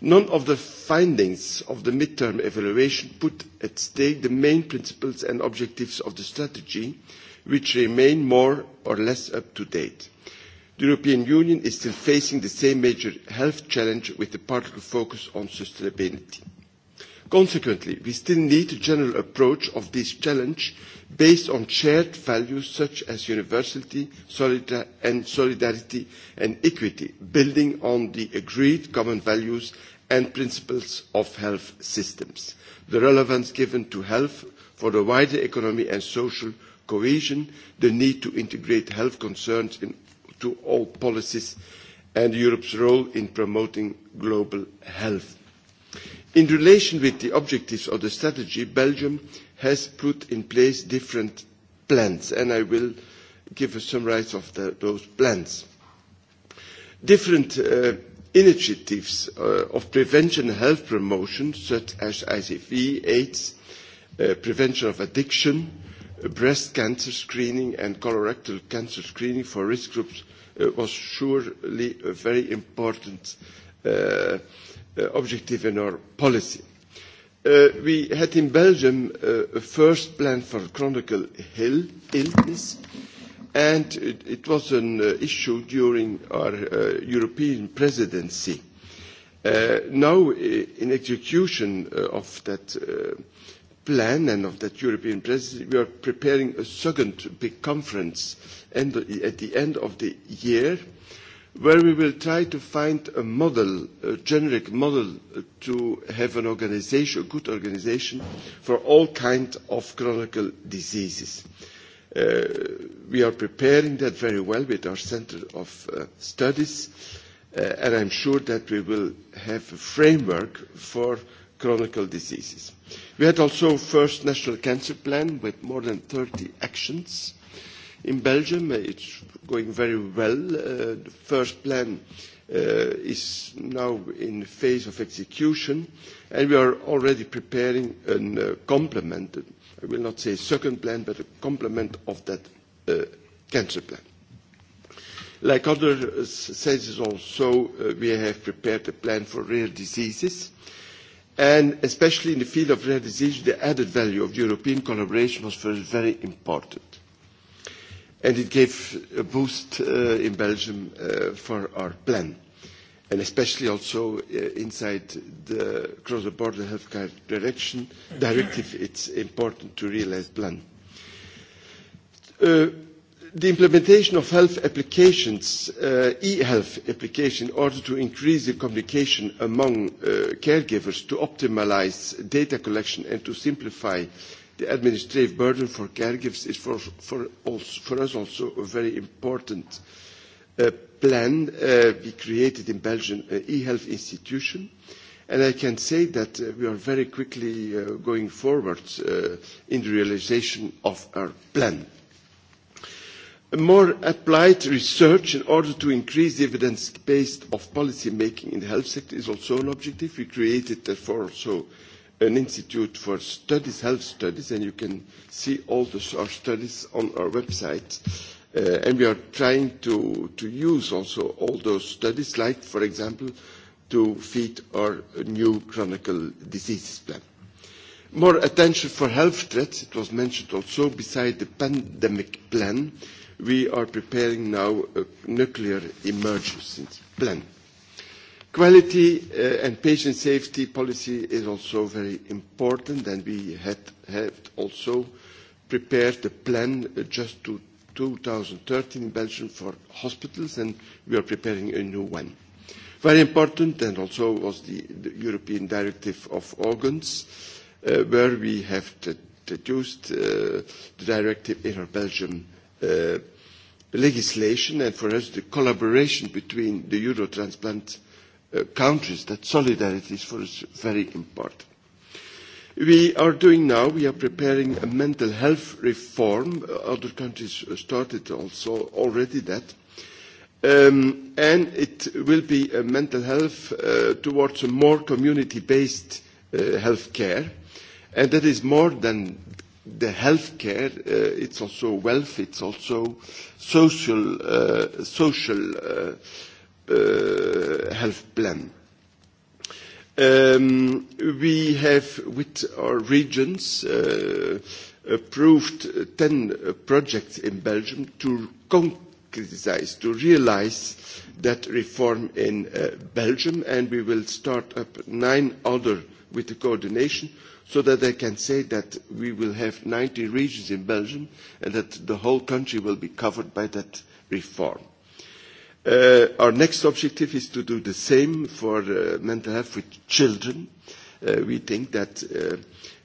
None of the findings of the mid term evaluation put at stake the main principles and objectives of the strategy, which remain more or less up to date. The European Union is still facing the same major health challenge with a particular focus on sustainability. Consequently, we still need a general approach of this challenge based on shared values such as universality, and solidarity and equity, building on the agreed common values and principles of health systems. The relevance given to health for the wider economy and social cohesion, the need to integrate health concerns into all policies, and Europe's role in promoting global health. In relation with the objectives of the strategy, Belgium has put in place different plans, and I will give a summary of the, those plans. Different uh, initiatives uh, of prevention and health promotion, such as ICV, AIDS, uh, prevention of addiction, breast cancer screening and colorectal cancer screening for risk groups was surely a very important objective in our policy we had in Belgium a first plan for chronic illness, and it was an issue during our European presidency. Now, in execution of that plan and of that European presidency, we are preparing a second big conference at the end of the year, where we will try to find a model, a generic model, to have an organization, a good organization for all kinds of chronic diseases. we are preparing that very well with our Center of Studies, and I am sure that we will have a framework for chronic diseases. We had also first national cancer plan with more than 30 actions In Belgium, it's going very well. The first plan is now in the phase of execution, and we are already preparing a complement, I will not say second plan, but a complement of that cancer plan. Like other senses also, we have prepared a plan for rare diseases, and especially in the field of rare disease, the added value of European collaboration was very important and it gave a boost in Belgium for our plan, and especially also inside the cross-border healthcare direction directive, it's important to realize plan. The implementation of health applications, e-health application, in order to increase the communication among caregivers, to optimize data collection, and to simplify The administrative burden for caregivers is for, for, also, for us also a very important uh, plan. Uh, we created in Belgium an e-health institution. And I can say that uh, we are very quickly uh, going forward uh, in the realization of our plan. More applied research in order to increase the evidence base of policy making in the health sector is also an objective. We created therefore also uh, an institute for studies, health studies, and you can see all the, our studies on our website. Uh, and we are trying to, to use also all those studies, like, for example, to feed our new chronic diseases plan. More attention for health threats, it was mentioned also, beside the pandemic plan, we are preparing now a nuclear emergency plan Quality and patient safety policy is also very important, and we had also prepared a plan just to 2013 in Belgium for hospitals, and we are preparing a new one. Very important, and also was the European Directive of Organs, where we have introduced the directive in our Belgium legislation, and for us, the collaboration between the Eurotransplant countries. That solidarity is for us very important. We are doing now, we are preparing a mental health reform. Other countries started also already that. Um, and it will be a mental health uh, towards a more community-based uh, health care. And that is more than the health care, uh, it's also wealth, it's also social, uh, social uh, health plan. We have, with our regions, approved 10 projects in Belgium to concretise, to realise that reform in Belgium, and we will start up nine other with the coordination so that I can say that we will have 90 regions in Belgium and that the whole country will be covered by that reform. Uh, our next objective is to do the same for uh, mental health with children. Uh, we think that uh,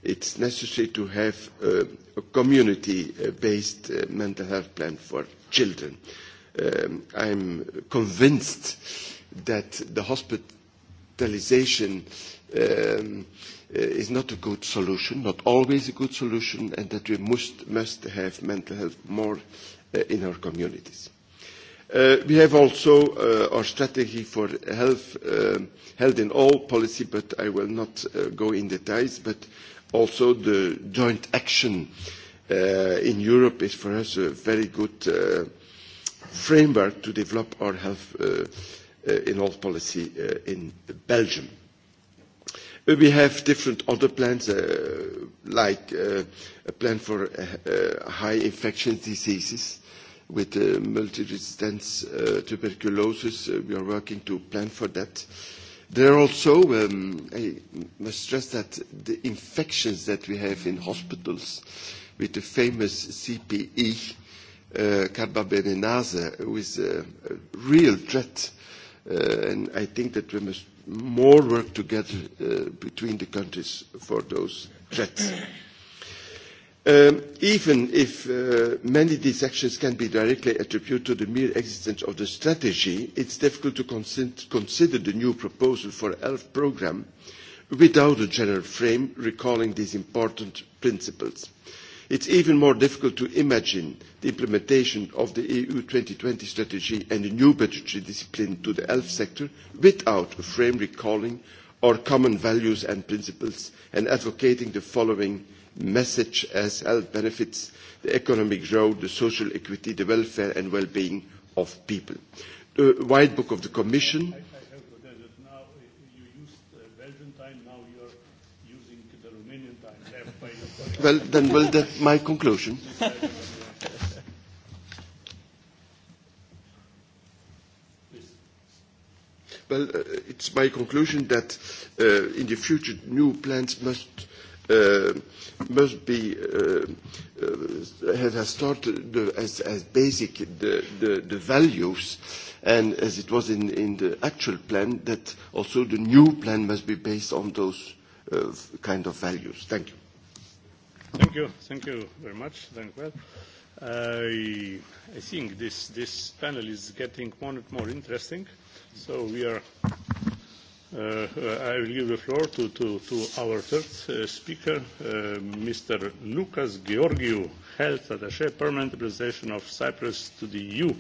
it's necessary to have uh, a community-based uh, mental health plan for children. Um, I'm convinced that the hospitalization um, is not a good solution, not always a good solution, and that we must, must have mental health more uh, in our communities. We have also our strategy for health in all policy, but I will not go in details, but also the joint action in Europe is for us a very good framework to develop our health in all policy in Belgium. We have different other plans, like a plan for high infectious diseases, with uh, multi-resistant uh, tuberculosis. Uh, we are working to plan for that. There are also, um, I must stress that the infections that we have in hospitals with the famous CPE, uh, carbapenemase, is a real threat. Uh, and I think that we must more work together uh, between the countries for those threats even if many of these actions can be directly attributed to the mere existence of the strategy, it is difficult to consider the new proposal for ELF programme without a general frame recalling these important principles. It is even more difficult to imagine the implementation of the EU twenty strategy and the new budgetary discipline to the ELF sector without a frame recalling our common values and principles and advocating the following message as health benefits the economic growth, the social equity, the welfare and well-being of people. The White Book of the Commission. Well, then, well, that's my conclusion. well, uh, it's my conclusion that uh, in the future new plans must must be has started as, as basic the, the, the values and as it was in, in the actual plan that also the new plan must be based on those uh, kind of values. Thank you. Thank you. Thank you very much. Thank you. I, I think this, this panel is getting more and more interesting. So we are I will give the floor to, to, to our third speaker, Mr. Lucas Georgiou, Health Attaché, Permanent Representation of Cyprus to the EU.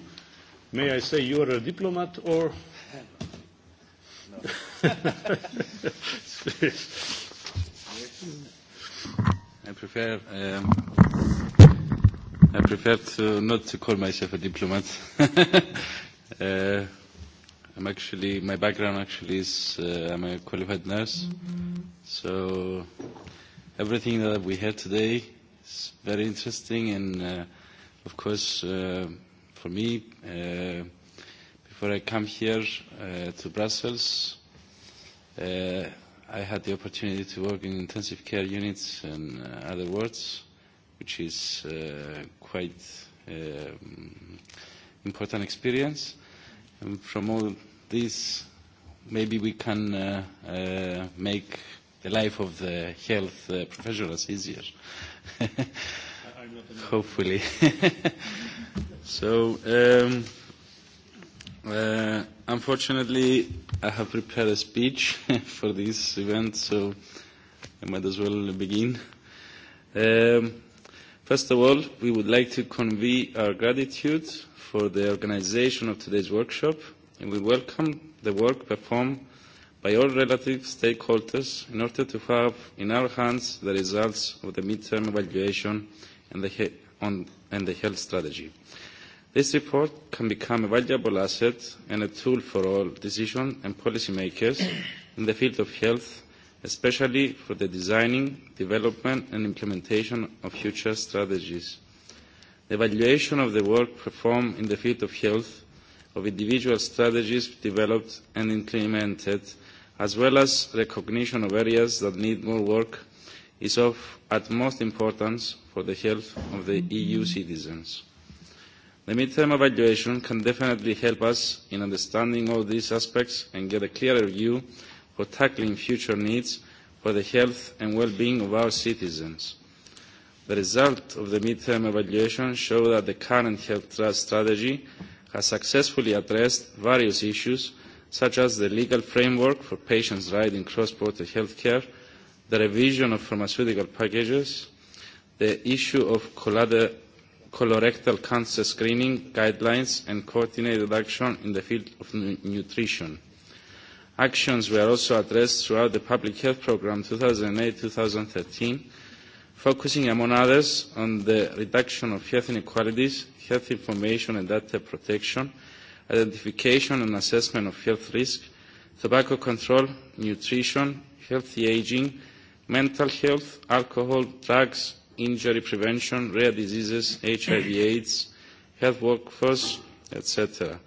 May I say you are a diplomat or? I prefer, um, I prefer to not to call myself a diplomat. uh, I'm actually, my background actually is uh, I'm a qualified nurse. Mm-hmm. So everything that we heard today is very interesting and uh, of course uh, for me, uh, before I come here uh, to Brussels, uh, I had the opportunity to work in intensive care units and uh, other wards, which is uh, quite um, important experience and all this, maybe we can uh, uh, make the life of the health uh, professionals easier. Hopefully. so, um, uh, unfortunately, I have prepared a speech for this event, so I might as well begin. Um, first of all, we would like to convey our gratitude for the organization of today's workshop, and we welcome the work performed by all relative stakeholders in order to have in our hands the results of the midterm evaluation and the, on, and the health strategy. This report can become a valuable asset and a tool for all decision and policymakers in the field of health, especially for the designing, development and implementation of future strategies the evaluation of the work performed in the field of health, of individual strategies developed and implemented, as well as recognition of areas that need more work, is of utmost importance for the health of the EU citizens. The mid term evaluation can definitely help us in understanding all these aspects and get a clearer view for tackling future needs for the health and well-being of our citizens The result of the midterm evaluation show that the current health trust strategy has successfully addressed various issues such as the legal framework for patients' rights in cross-border healthcare, the revision of pharmaceutical packages, the issue of colorectal cancer screening guidelines and coordinated action in the field of nutrition. Actions were also addressed throughout the Public Health Programme 2008-2013 focusing, among others, on the reduction of health inequalities, health information and data protection, identification and assessment of health risk, tobacco control, nutrition, healthy aging, mental health, alcohol, drugs, injury prevention, rare diseases, HIV AIDS, health workforce, etc.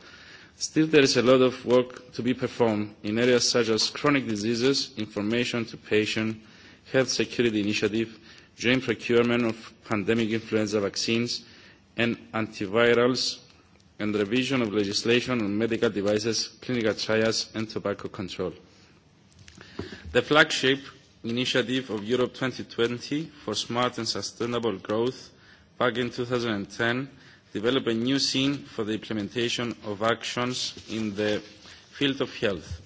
Still, there is a lot of work to be performed in areas such as chronic diseases, information to patient, health security initiative, joint procurement of pandemic influenza vaccines and antivirals, and revision of legislation on medical devices, clinical trials, and tobacco control. The flagship initiative of Europe 2020 for smart and sustainable growth back in 2010 developed a new scene for the implementation of actions in the field of health,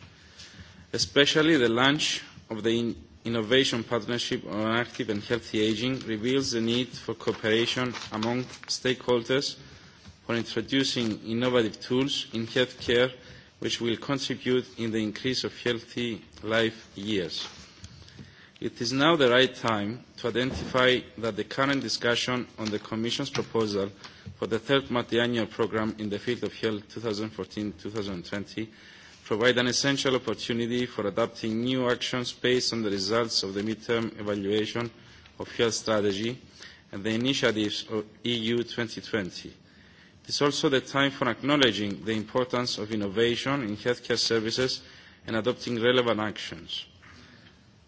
especially the launch of the Innovation Partnership on Active and Healthy Aging reveals the need for cooperation among stakeholders for introducing innovative tools in healthcare which will contribute in the increase of healthy life years. It is now the right time to identify that the current discussion on the Commission's proposal for the third multi-annual programme in the field of health 2014-2020 provide an essential opportunity for adopting new actions based on the results of the midterm evaluation of health strategy and the initiatives of EU 2020. It is also the time for acknowledging the importance of innovation in healthcare services and adopting relevant actions.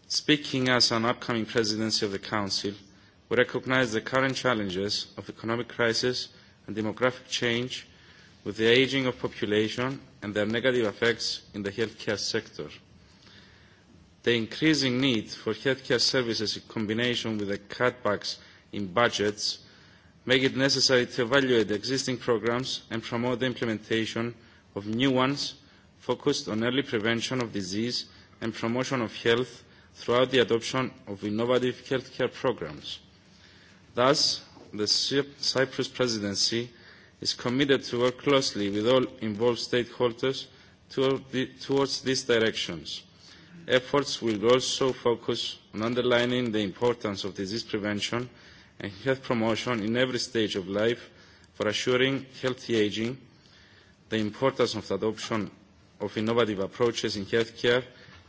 Speaking as an upcoming presidency of the Council, we recognise the current challenges of economic crisis and demographic change with the ageing of population and their negative effects in the healthcare sector. The increasing need for healthcare services in combination with the cutbacks in budgets make it necessary to evaluate existing programmes and promote the implementation of new ones focused on early prevention of disease and promotion of health throughout the adoption of innovative healthcare programmes. Thus, the Cyprus presidency is committed to work closely with all involved stakeholders towards these directions. Efforts will also focus on underlining the importance of disease prevention and health promotion in every stage of life for assuring healthy aging, the importance of the adoption of innovative approaches in healthcare,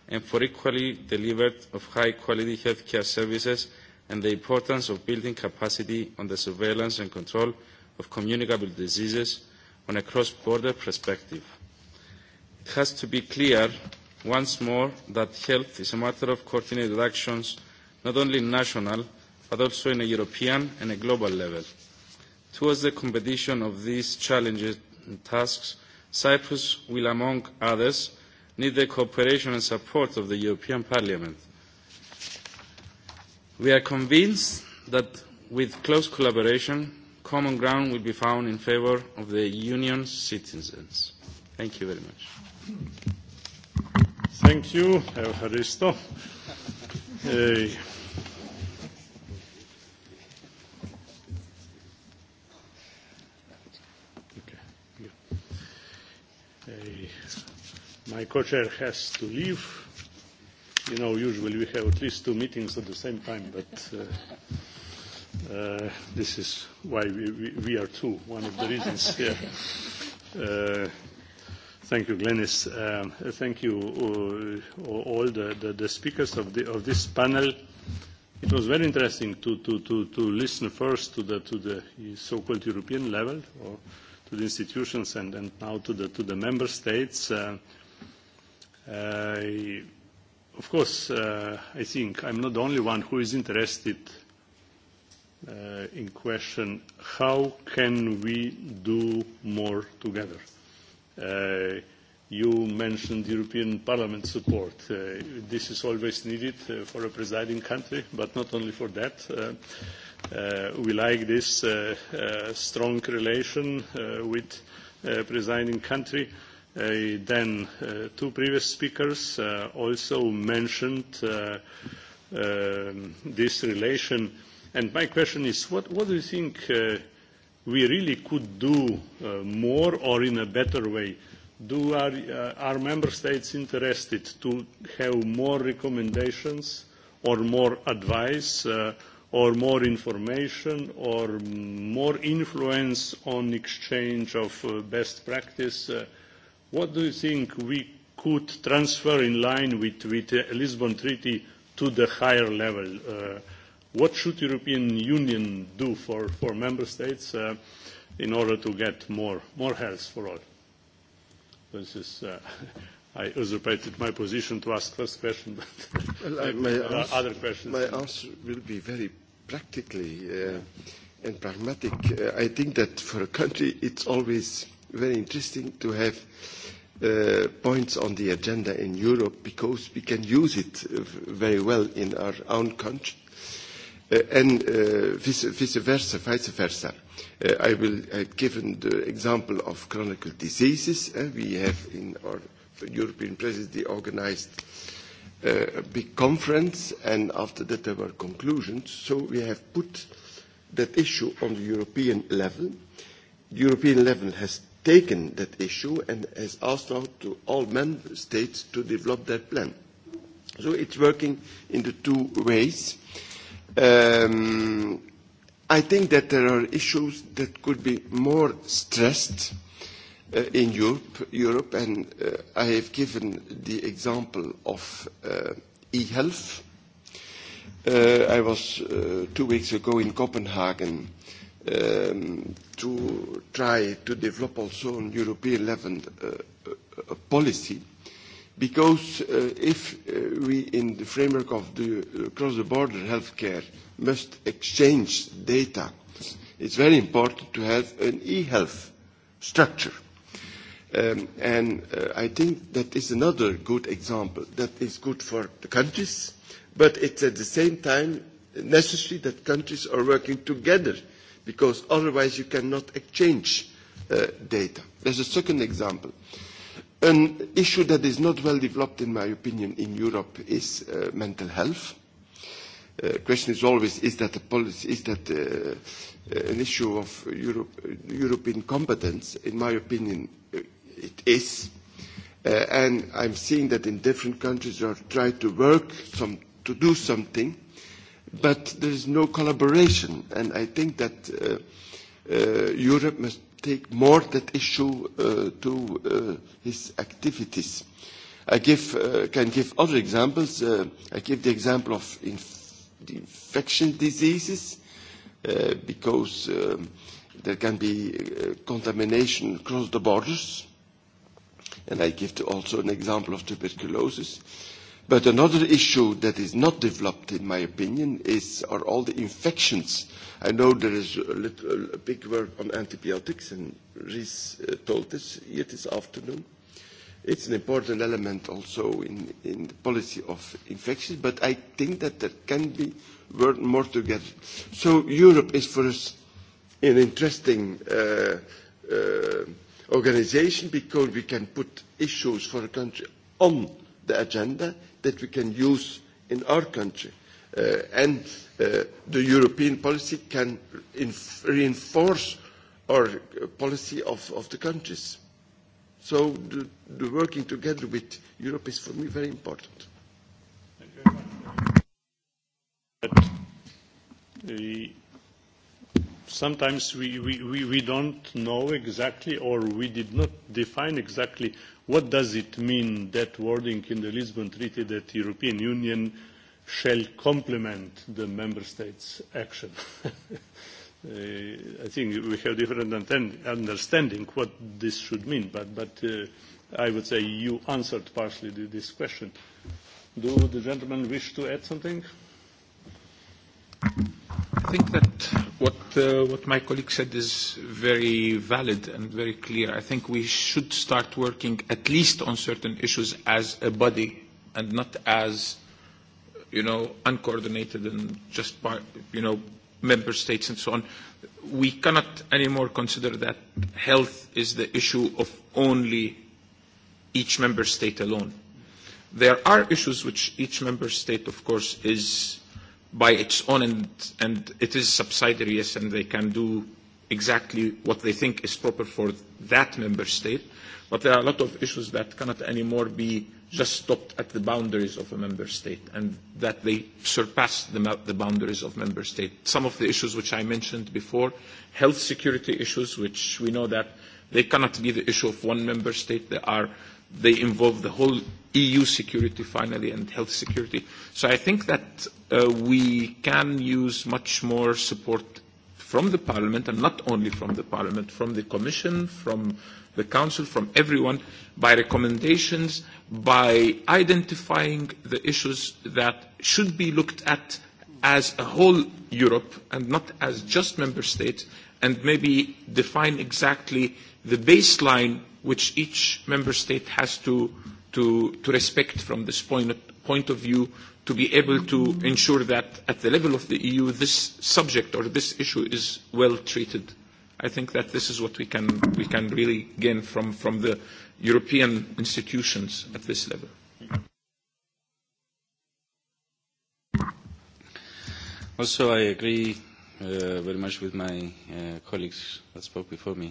and for equally delivered of high-quality healthcare services and the importance of building capacity on the surveillance and control of communicable diseases on a cross-border perspective. It has to be clear once more that health is a matter of coordinated actions, not only national, but also in a European and a global level. Towards the competition of these challenges and tasks, Cyprus will, among others, need the cooperation and support of the European Parliament. We are convinced that with close collaboration, common ground will be found in favour of the Union's citizens. Thank you very much. Thank you, Evaristo. Hey. My co-chair has to leave. You know, usually we have at least two meetings at the same time, but uh, Uh, this is why we, we, we are two, one of the reasons. Yeah. Uh, Thank you, Glenis. Thank you all the the the speakers of the of this panel. It was very interesting to to to to listen first to the to the so-called European level or to the institutions and now to the to the member states. I Of course, uh I think I'm not the only one who is interested uh in question how can we do more together? you mentioned European Parliament support. this is always needed for a presiding country, but not only for that. we like this strong relation with uh, presiding country. then two previous speakers also mentioned this relation And my question is, what, what do you think uh, we really could do uh, more or in a better way? Do our, uh, are member states interested to have more recommendations or more advice uh, or more information or more influence on exchange of uh, best practice? Uh, what do you think we could transfer in line with, with the Lisbon Treaty to the higher level? Uh, What should the European Union do for, for member states uh, in order to get more, more health for all? This is, uh, I usurpated my position to ask first question, but well, I, my there answer, are other questions. My answer will be very practically uh, and pragmatic. Uh, I think that for a country it's always very interesting to have uh, points on the agenda in Europe because we can use it very well in our own country and vice versa, vice versa. I will have given the example of chronic diseases. We have in our European presidency organized a big conference, and after that, there were conclusions. So we have put that issue on the European level. The European level has taken that issue and has asked out to all member states to develop their plan. So it's working in the two ways Um, I think that there are issues that could be more stressed uh, in Europe, Europe, and uh, I have given the example of uh, e-health. Uh, I was uh, two weeks ago in Copenhagen um, to try to develop also on European level uh, a policy because if we, in the framework of the cross-border healthcare, must exchange data, it's very important to have an e-health structure. and I think that is another good example that is good for the countries, but it's at the same time necessary that countries are working together because otherwise you cannot exchange data. There's a second example. Uh, An issue that is not well developed, in my opinion, in Europe is uh, mental health. The question is always, is that, a policy, is that uh, an issue of Europe, European competence? In my opinion, it is. Uh, and I'm seeing that in different countries are trying to work some, to do something, but there is no collaboration. And I think that uh, uh, Europe must take more that issue uh, to uh, his activities. I give, uh, can give other examples. Uh, I give the example of inf- infection diseases uh, because um, there can be uh, contamination across the borders. And I give also an example of tuberculosis. Uh, But another issue that is not developed, in my opinion, is are all the infections. I know there is a, little, a big word on antibiotics, and Rhys uh, told us here this afternoon. It's an important element also in, in the policy of infections, but I think that there can be work more together. So Europe is for us an interesting uh, uh, organization because we can put issues for a country on the agenda that we can use in our country. and the European policy can reinforce our policy of, the countries. So the, the working together with Europe is for me very important. sometimes we, we, we don't know exactly or we did not define exactly What does it mean, that wording in the Lisbon Treaty, that the European Union shall complement the member states' action? I think we have different understanding what this should mean, but, but uh, I would say you answered partially this question. Do the gentlemen wish to add something? I think that what, uh, what my colleague said is very valid and very clear. I think we should start working at least on certain issues as a body and not as, you know, uncoordinated and just by, you know, member states and so on. We cannot anymore consider that health is the issue of only each member state alone. There are issues which each member state, of course, is by its own and, and it is subsidiary, yes, and they can do exactly what they think is proper for that member state. But there are a lot of issues that cannot anymore be just stopped at the boundaries of a member state and that they surpass the, the boundaries of member state. Some of the issues which I mentioned before, health security issues, which we know that they cannot be the issue of one member state. They, are, they involve the whole EU security finally and health security. So I think that uh, we can use much more support from the Parliament and not only from the Parliament, from the Commission, from the Council, from everyone, by recommendations, by identifying the issues that should be looked at as a whole Europe and not as just member states, and maybe define exactly the baseline which each member state has to to, to respect from this point, point of view to be able to ensure that at the level of the EU this subject or this issue is well treated. I think that this is what we can, we can really gain from, from the European institutions at this level. Also, I agree uh, very much with my uh, colleagues that spoke before me,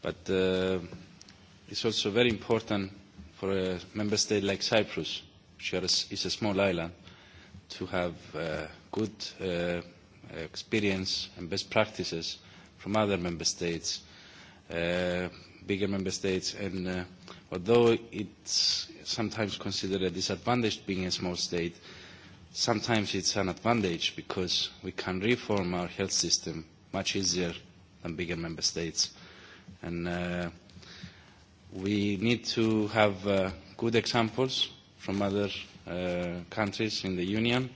but uh, it's also very important for a member state like Cyprus, which is a small island, to have uh, good uh, experience and best practices from other member states, uh, bigger member states, and uh, although it's sometimes considered a disadvantage being a small state, sometimes it's an advantage because we can reform our health system much easier than bigger member states. And uh, We need to have uh, good examples from other uh, countries in the Union.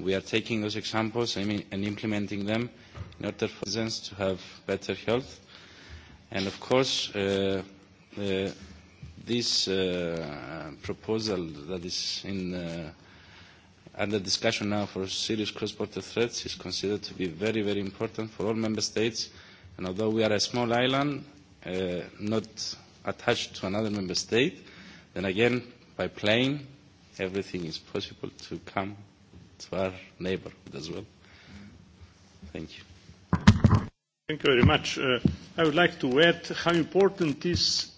We are taking those examples and, implementing them in order for citizens to have better health. And of course, uh, uh, this uh, proposal that is in, uh, under discussion now for serious cross-border threats is considered to be very, very important for all member states. And although we are a small island, uh, not attached to another member state, then again, by plane, everything is possible to come to our neighborhood as well. Thank you. Thank you very much. Uh, I would like to add how important is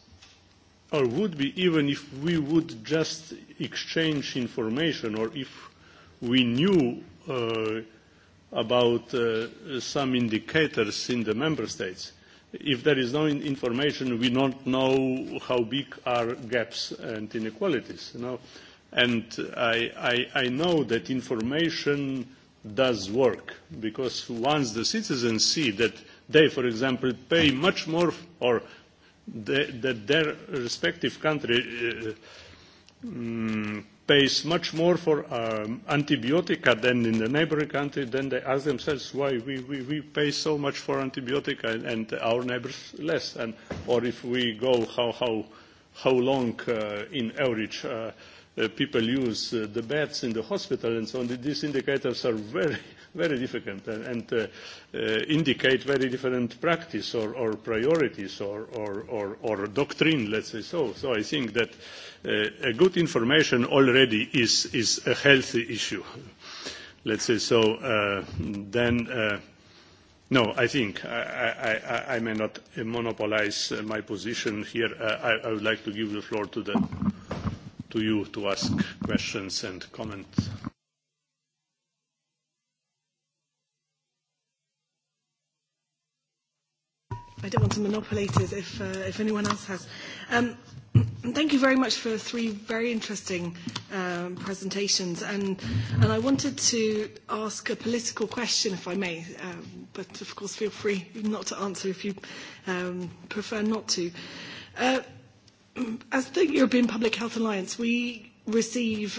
or would be even if we would just exchange information or if we knew uh, about uh, some indicators in the member states if there is no information, we don't know how big are gaps and inequalities. You know? And I, I, I know that information does work because once the citizens see that they, for example, pay much more or that their respective country pays much more for um, antibiotica than in the neighboring country, then they ask themselves why we, we, we pay so much for antibiotica and, and our neighbors less. And, or if we go how, how, how long uh, in average uh, uh, people use uh, the beds in the hospital and so on, these indicators are very, very different and, and uh, uh, indicate very different practice or, or priorities or, or, or, or doctrine, let's say so. So I think that a good information already is, is a healthy issue. Let's say so. Uh, then, uh, no, I think I, I, I may not monopolize my position here. Uh, I, I would like to give the floor to, the, to you to ask questions and comments. I don't want to monopolize it if, uh, if anyone else has. Um, Thank you very much for three very interesting um, presentations, and and I wanted to ask a political question, if I may. Um, but of course, feel free not to answer if you um, prefer not to. Uh, as the European Public Health Alliance, we receive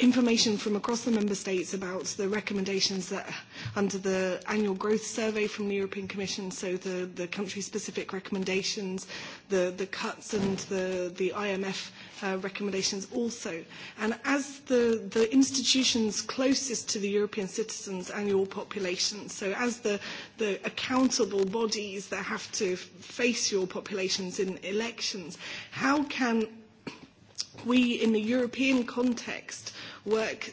information from across the member states about the recommendations that under the annual growth survey from the European Commission, so the, the country-specific recommendations, the, the cuts and the, the IMF uh, recommendations also. And as the, the institutions closest to the European citizens' annual population, so as the, the accountable bodies that have to face your populations in elections, how can we in the European context work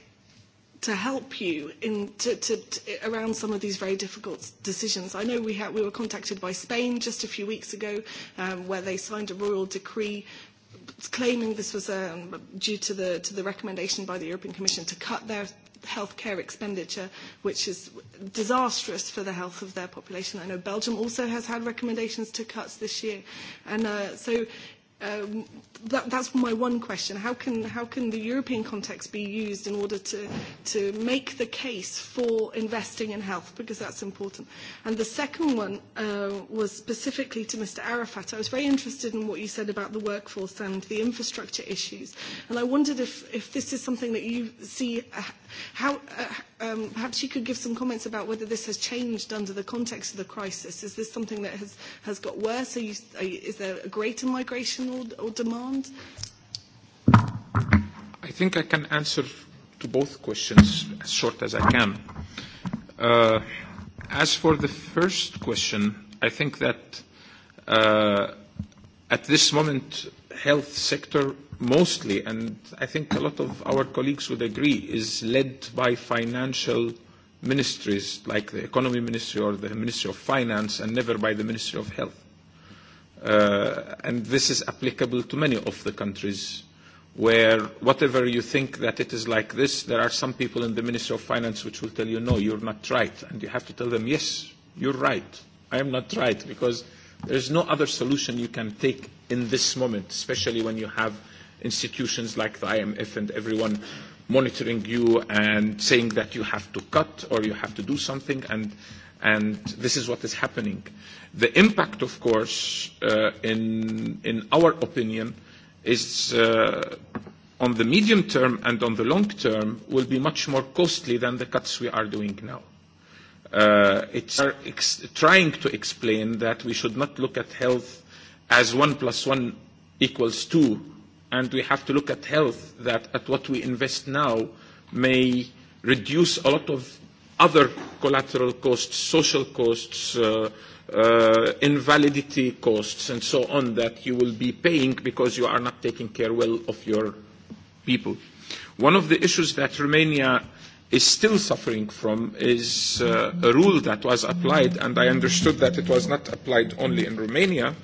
to help you in to, to, to around some of these very difficult decisions. I know we, ha- we were contacted by Spain just a few weeks ago, um, where they signed a royal decree claiming this was um, due to the to the recommendation by the European Commission to cut their healthcare expenditure, which is disastrous for the health of their population. I know Belgium also has had recommendations to cuts this year, and uh, so Um, that, that's my one question. How can, how can the European context be used in order to, to make the case for investing in health? Because that's important. And the second one uh, was specifically to Mr. Arafat. I was very interested in what you said about the workforce and the infrastructure issues. And I wondered if, if this is something that you see How, uh, um, perhaps you could give some comments about whether this has changed under the context of the crisis. Is this something that has, has got worse? Are you, are you, is there a greater migration or, or demand? I think I can answer to both questions as short as I can. Uh, as for the first question, I think that uh, at this moment, health sector mostly, and I think a lot of our colleagues would agree, is led by financial ministries like the economy ministry or the ministry of finance and never by the ministry of health. Uh, and this is applicable to many of the countries where whatever you think that it is like this, there are some people in the ministry of finance which will tell you, no, you're not right. And you have to tell them, yes, you're right. I am not right because there is no other solution you can take in this moment, especially when you have – institutions like the IMF and everyone monitoring you and saying that you have to cut or you have to do something, and, and this is what is happening. The impact, of course, uh, in, in our opinion, is uh, on the medium term and on the long term will be much more costly than the cuts we are doing now. Uh, it's are ex- trying to explain that we should not look at health as one plus one equals two and we have to look at health, that at what we invest now may reduce a lot of other collateral costs, social costs, uh, uh, invalidity costs, and so on that you will be paying because you are not taking care well of your people. One of the issues that Romania is still suffering from is uh, a rule that was applied, and I understood that it was not applied only in Romania,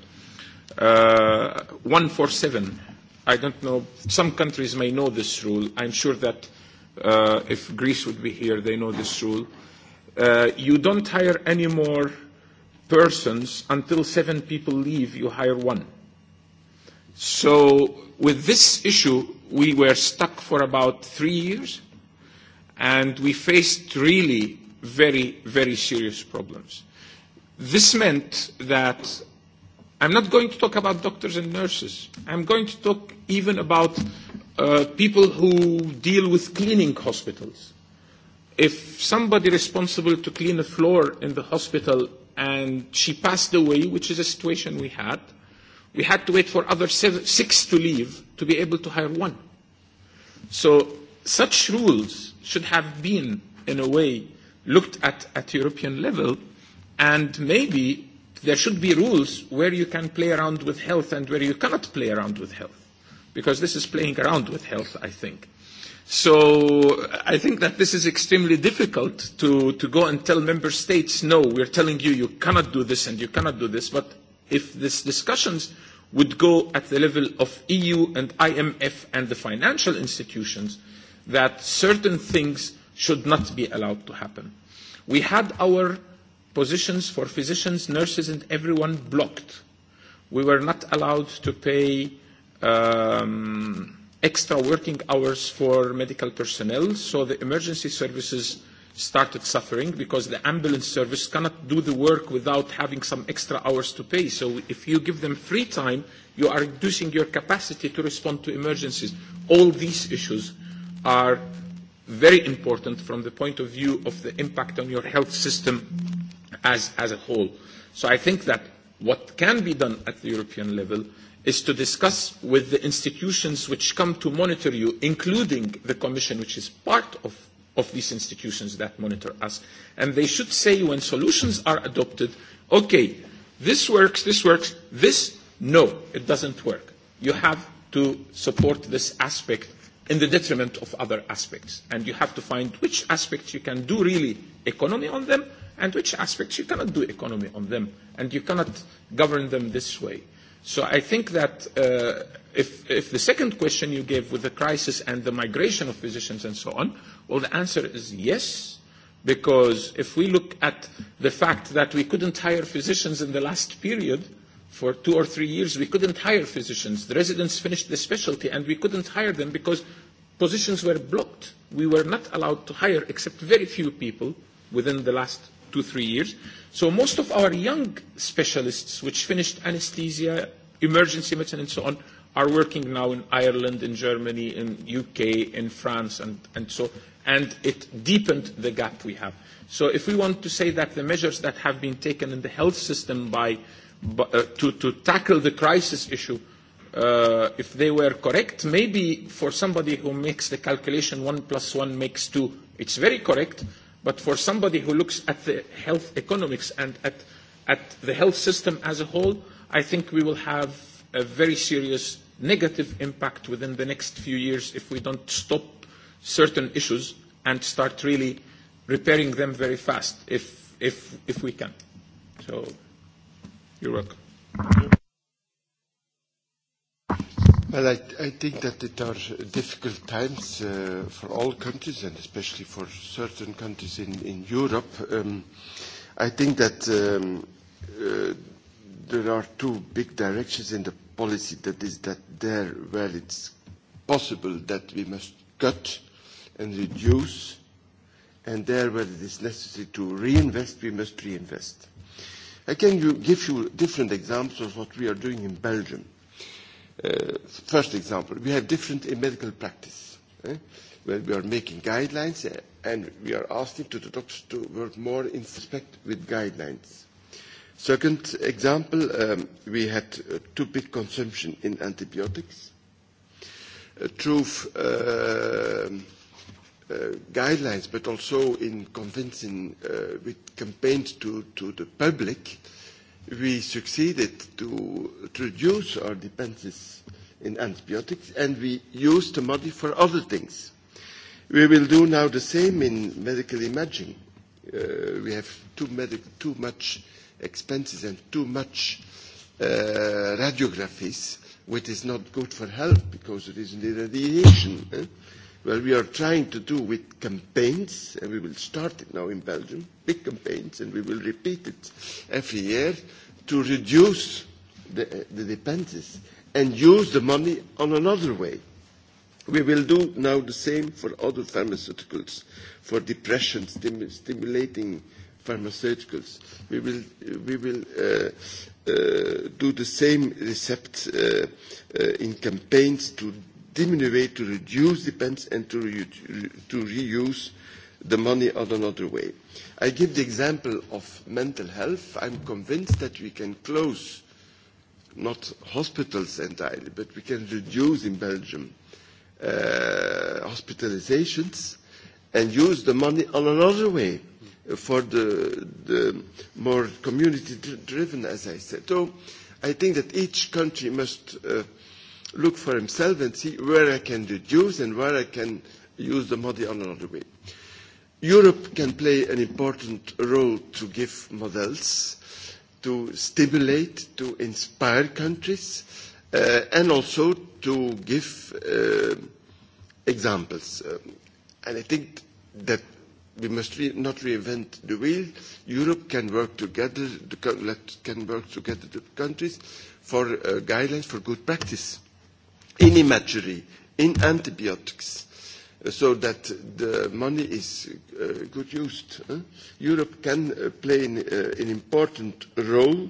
uh, 147 I don't know. Some countries may know this rule. I'm sure that uh, if Greece would be here, they know this rule. Uh, you don't hire any more persons until seven people leave. You hire one. So with this issue, we were stuck for about three years, and we faced really very, very serious problems. This meant that I'm not going to talk about doctors and nurses. I'm going to talk even about uh, people who deal with cleaning hospitals. If somebody responsible to clean a floor in the hospital and she passed away, which is a situation we had, we had to wait for other seven, six to leave to be able to hire one. So such rules should have been, in a way, looked at at European level, and maybe there should be rules where you can play around with health and where you cannot play around with health. Because this is playing around with health, I think. So I think that this is extremely difficult to, to go and tell member states, no, we're telling you you cannot do this and you cannot do this. But if these discussions would go at the level of EU and IMF and the financial institutions, that certain things should not be allowed to happen. We had our positions for physicians, nurses, and everyone blocked. We were not allowed to pay um, extra working hours for medical personnel, so the emergency services started suffering because the ambulance service cannot do the work without having some extra hours to pay. So if you give them free time, you are reducing your capacity to respond to emergencies. All these issues are very important from the point of view of the impact on your health system as, as a whole. So I think that what can be done at the European level is to discuss with the institutions which come to monitor you, including the Commission, which is part of, of these institutions that monitor us. And they should say when solutions are adopted, okay, this works, this works, this, no, it doesn't work. You have to support this aspect in the detriment of other aspects. And you have to find which aspects you can do really economy on them and which aspects you cannot do economy on them, and you cannot govern them this way. So I think that uh, if, if the second question you gave with the crisis and the migration of physicians and so on, well, the answer is yes, because if we look at the fact that we couldn't hire physicians in the last period, for two or three years, we couldn't hire physicians. The residents finished the specialty, and we couldn't hire them because positions were blocked. We were not allowed to hire except very few people within the last two, three years. So most of our young specialists, which finished anesthesia, emergency medicine, and so on, are working now in Ireland, in Germany, in UK, in France, and, and so and it deepened the gap we have. So if we want to say that the measures that have been taken in the health system by, by, uh, to, to tackle the crisis issue, uh, if they were correct, maybe for somebody who makes the calculation one plus one makes two, it's very correct, But for somebody who looks at the health economics and at, at the health system as a whole, I think we will have a very serious negative impact within the next few years if we don't stop certain issues and start really repairing them very fast if, if, if we can. So, you're welcome. Well, I, I think that it are difficult times uh, for all countries and especially for certain countries in, in Europe. Um, I think that um, uh, there are two big directions in the policy. That is that there where it's possible that we must cut and reduce, and there where it is necessary to reinvest, we must reinvest. I can you, give you different examples of what we are doing in Belgium first example, we have different in medical practice, eh, where we are making guidelines and we are asking to the doctors to work more in respect with guidelines. Second example, um, we had uh, too big consumption in antibiotics. Uh, truth uh, uh, guidelines, but also in convincing uh, with campaigns to, to the public, we succeeded to reduce our dependence in antibiotics and we used the money for other things. We will do now the same in medical imaging. Uh, we have too, medic- too much expenses and too much uh, radiographies, which is not good for health because there is an irradiation. Eh? what we are trying to do with campaigns, and we will start it now in Belgium, big campaigns, and we will repeat it every year, to reduce the, the dependence and use the money on another way. We will do now the same for other pharmaceuticals, for depression stimulating pharmaceuticals. We will, we will uh, uh, do the same recept uh, uh, in campaigns to diminuate, to reduce depends and to, re to reuse the money on another way. I give the example of mental health. I'm convinced that we can close not hospitals entirely, but we can reduce in Belgium uh, hospitalizations and use the money on another way for the, the more community-driven, as I said. So I think that each country must uh, – look for himself and see where I can reduce and where I can use the money on another way. Europe can play an important role to give models, to stimulate, to inspire countries, and also to give examples. and I think that we must re- not reinvent the wheel. Europe can work together, the co- let, can work together the countries for uh, guidelines for good practice in imagery, in antibiotics, so that the money is uh, good used. Huh? Europe can uh, play an, uh, an important role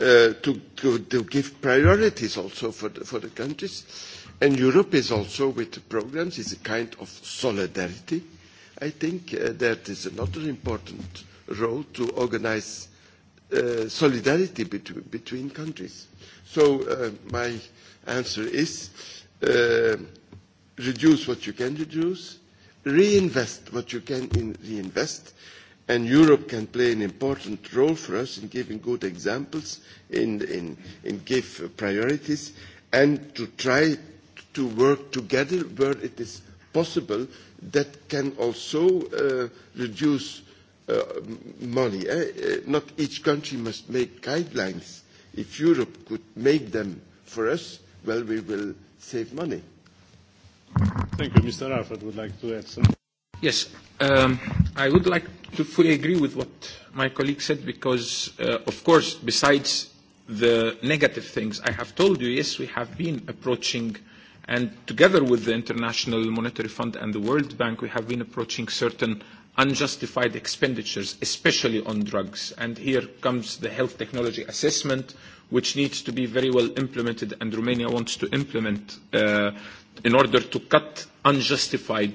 uh, to, to, to give priorities also for the, for the countries. And Europe is also, with the programs, is a kind of solidarity. I think uh, that is another important role to organize uh, solidarity between, between countries. So uh, my answer is uh, reduce what you can reduce, reinvest what you can in reinvest, and Europe can play an important role for us in giving good examples, in, in, in give priorities, and to try to work together where it is possible that can also uh, reduce uh, money. Eh? Not each country must make guidelines. If Europe could make them for us, well, we will save money. Thank you. Mr. Alfred would like to add something. Yes. Um, I would like to fully agree with what my colleague said because, uh, of course, besides the negative things I have told you, yes, we have been approaching and together with the International Monetary Fund and the World Bank, we have been approaching certain unjustified expenditures, especially on drugs. And here comes the health technology assessment, which needs to be very well implemented, and Romania wants to implement in order to cut unjustified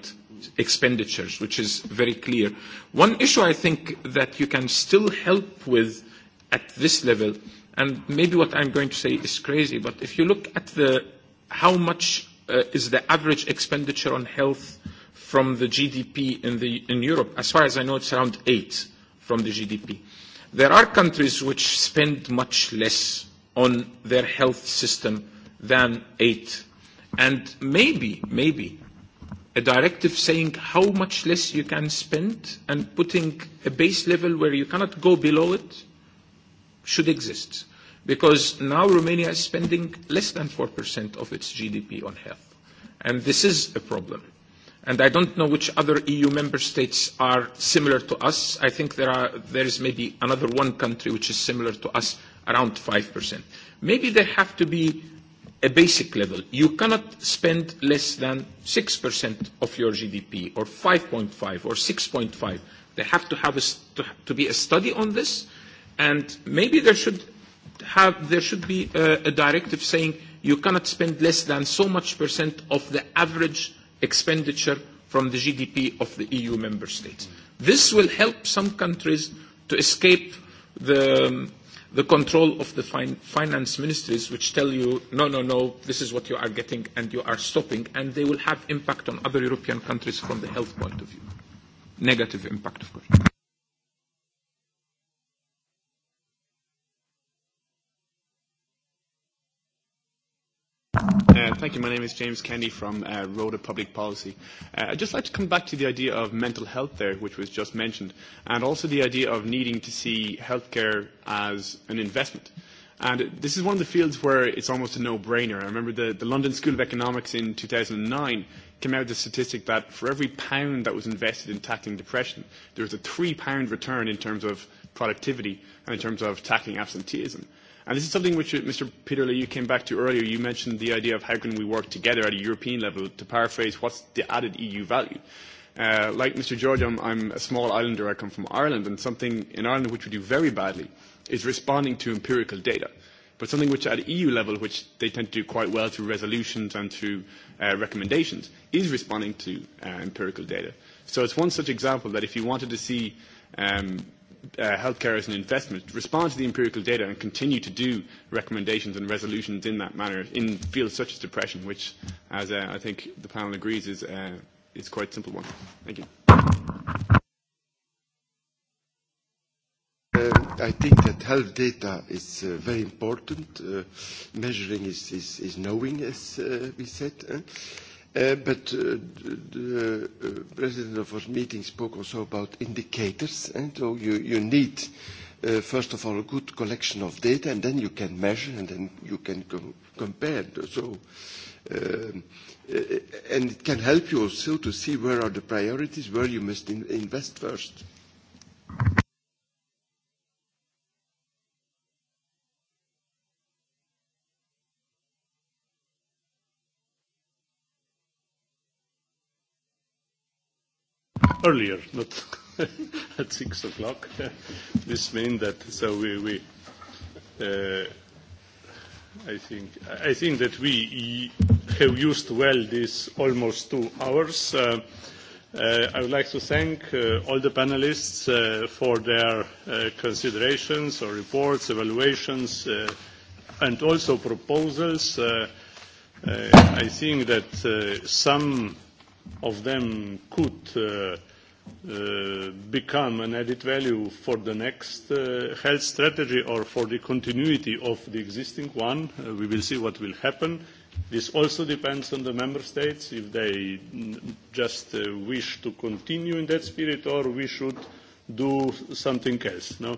expenditures, which is very clear. One issue I think that you can still help with at this level, and maybe what I'm going to say is crazy, but if you look at the how much uh, is the average expenditure on health from the GDP in, the, in Europe, as far as I know, it's around eight from the GDP. There are countries which spend much less on their health system than eight. And maybe, maybe, a directive saying how much less you can spend and putting a base level where you cannot go below it should exist. Because now Romania is spending less than 4% of its GDP on health. And this is a problem. And I don't know which other EU member states are similar to us. I think there, are, there is maybe another one country which is similar to us, around 5%. Maybe there have to be a basic level. You cannot spend less than 6% of your GDP or 5.5 or 6.5. They have to have a, to, to be a study on this, and maybe there should have there should be a, a directive saying you cannot spend less than so much percent of the average expenditure from the GDP of the EU member states. This will help some countries to escape the, the control of the fin- finance ministries, which tell you, no, no, no, this is what you are getting and you are stopping, and they will have impact on other European countries from the health point of view. Negative impact, of course. Uh, thank you. My name is James Kennedy from uh, of Public Policy. Uh, I'd just like to come back to the idea of mental health there, which was just mentioned, and also the idea of needing to see healthcare as an investment. And this is one of the fields where it's almost a no-brainer. I remember the, the London School of Economics in 2009 came out with a statistic that for every pound that was invested in tackling depression, there was a three-pound return in terms of productivity and in terms of tackling absenteeism. And this is something which, Mr. Peterley, you came back to earlier. You mentioned the idea of how can we work together at a European level to paraphrase what's the added EU value. Uh, like Mr. George, I'm, I'm a small islander. I come from Ireland, and something in Ireland which we do very badly is responding to empirical data. But something which at EU level, which they tend to do quite well through resolutions and through uh, recommendations, is responding to uh, empirical data. So it's one such example that if you wanted to see um, uh, healthcare as an investment, respond to the empirical data and continue to do recommendations and resolutions in that manner in fields such as depression, which, as uh, I think the panel agrees, is, uh, is quite a simple one. Thank you. I think that health data is uh, very important. Uh, measuring is, is, is knowing, as uh, we said. Uh, But the president of our meeting spoke also about indicators, and so you need, first of all, a good collection of data, and then you can measure, and then you can compare. and it can help you also to see where are the priorities, where you must invest first earlier, not at six o'clock. This means that so we, we uh, I think I think that we have used well these almost two hours. Uh, uh, I would like to thank uh, all the panelists uh, for their uh, considerations or reports, evaluations, uh, and also proposals. Uh, uh, I think that uh, some of them could uh, become an added value for the next health strategy or for the continuity of the existing one. We will see what will happen. This also depends on the member states, if they just wish to continue in that spirit or we should do something else. No?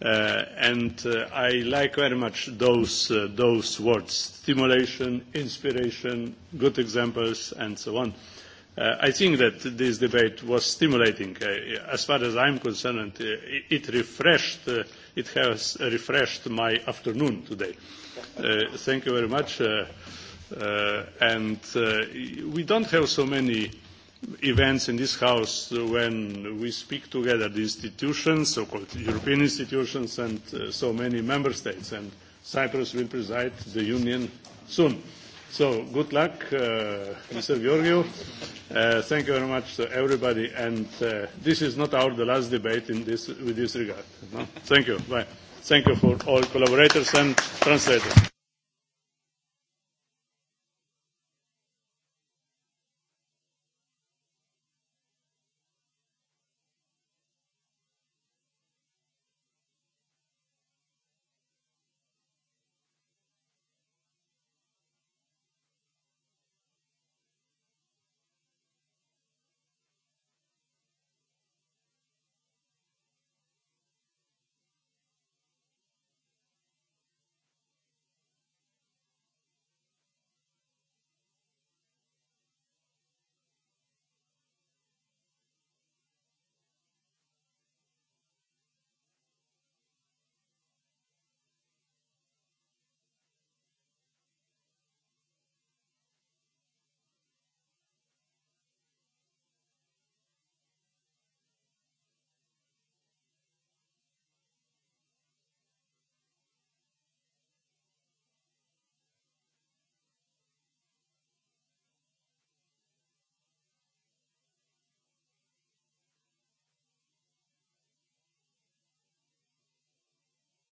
and I like very much those, those words, stimulation, inspiration, good examples, and so on I think that this debate was stimulating. as far as I am concerned, it refreshed, it has refreshed my afternoon today. thank you very much. and we don't have so many events in this house when we speak together, the institutions, so-called European institutions, and so many member states. And Cyprus will preside the Union soon So good luck, uh, Mr. Giorgio. Uh, thank you very much to everybody. And uh, this is not our the last debate in this, with this regard. No? Thank you. Bye. Thank you for all collaborators and translators.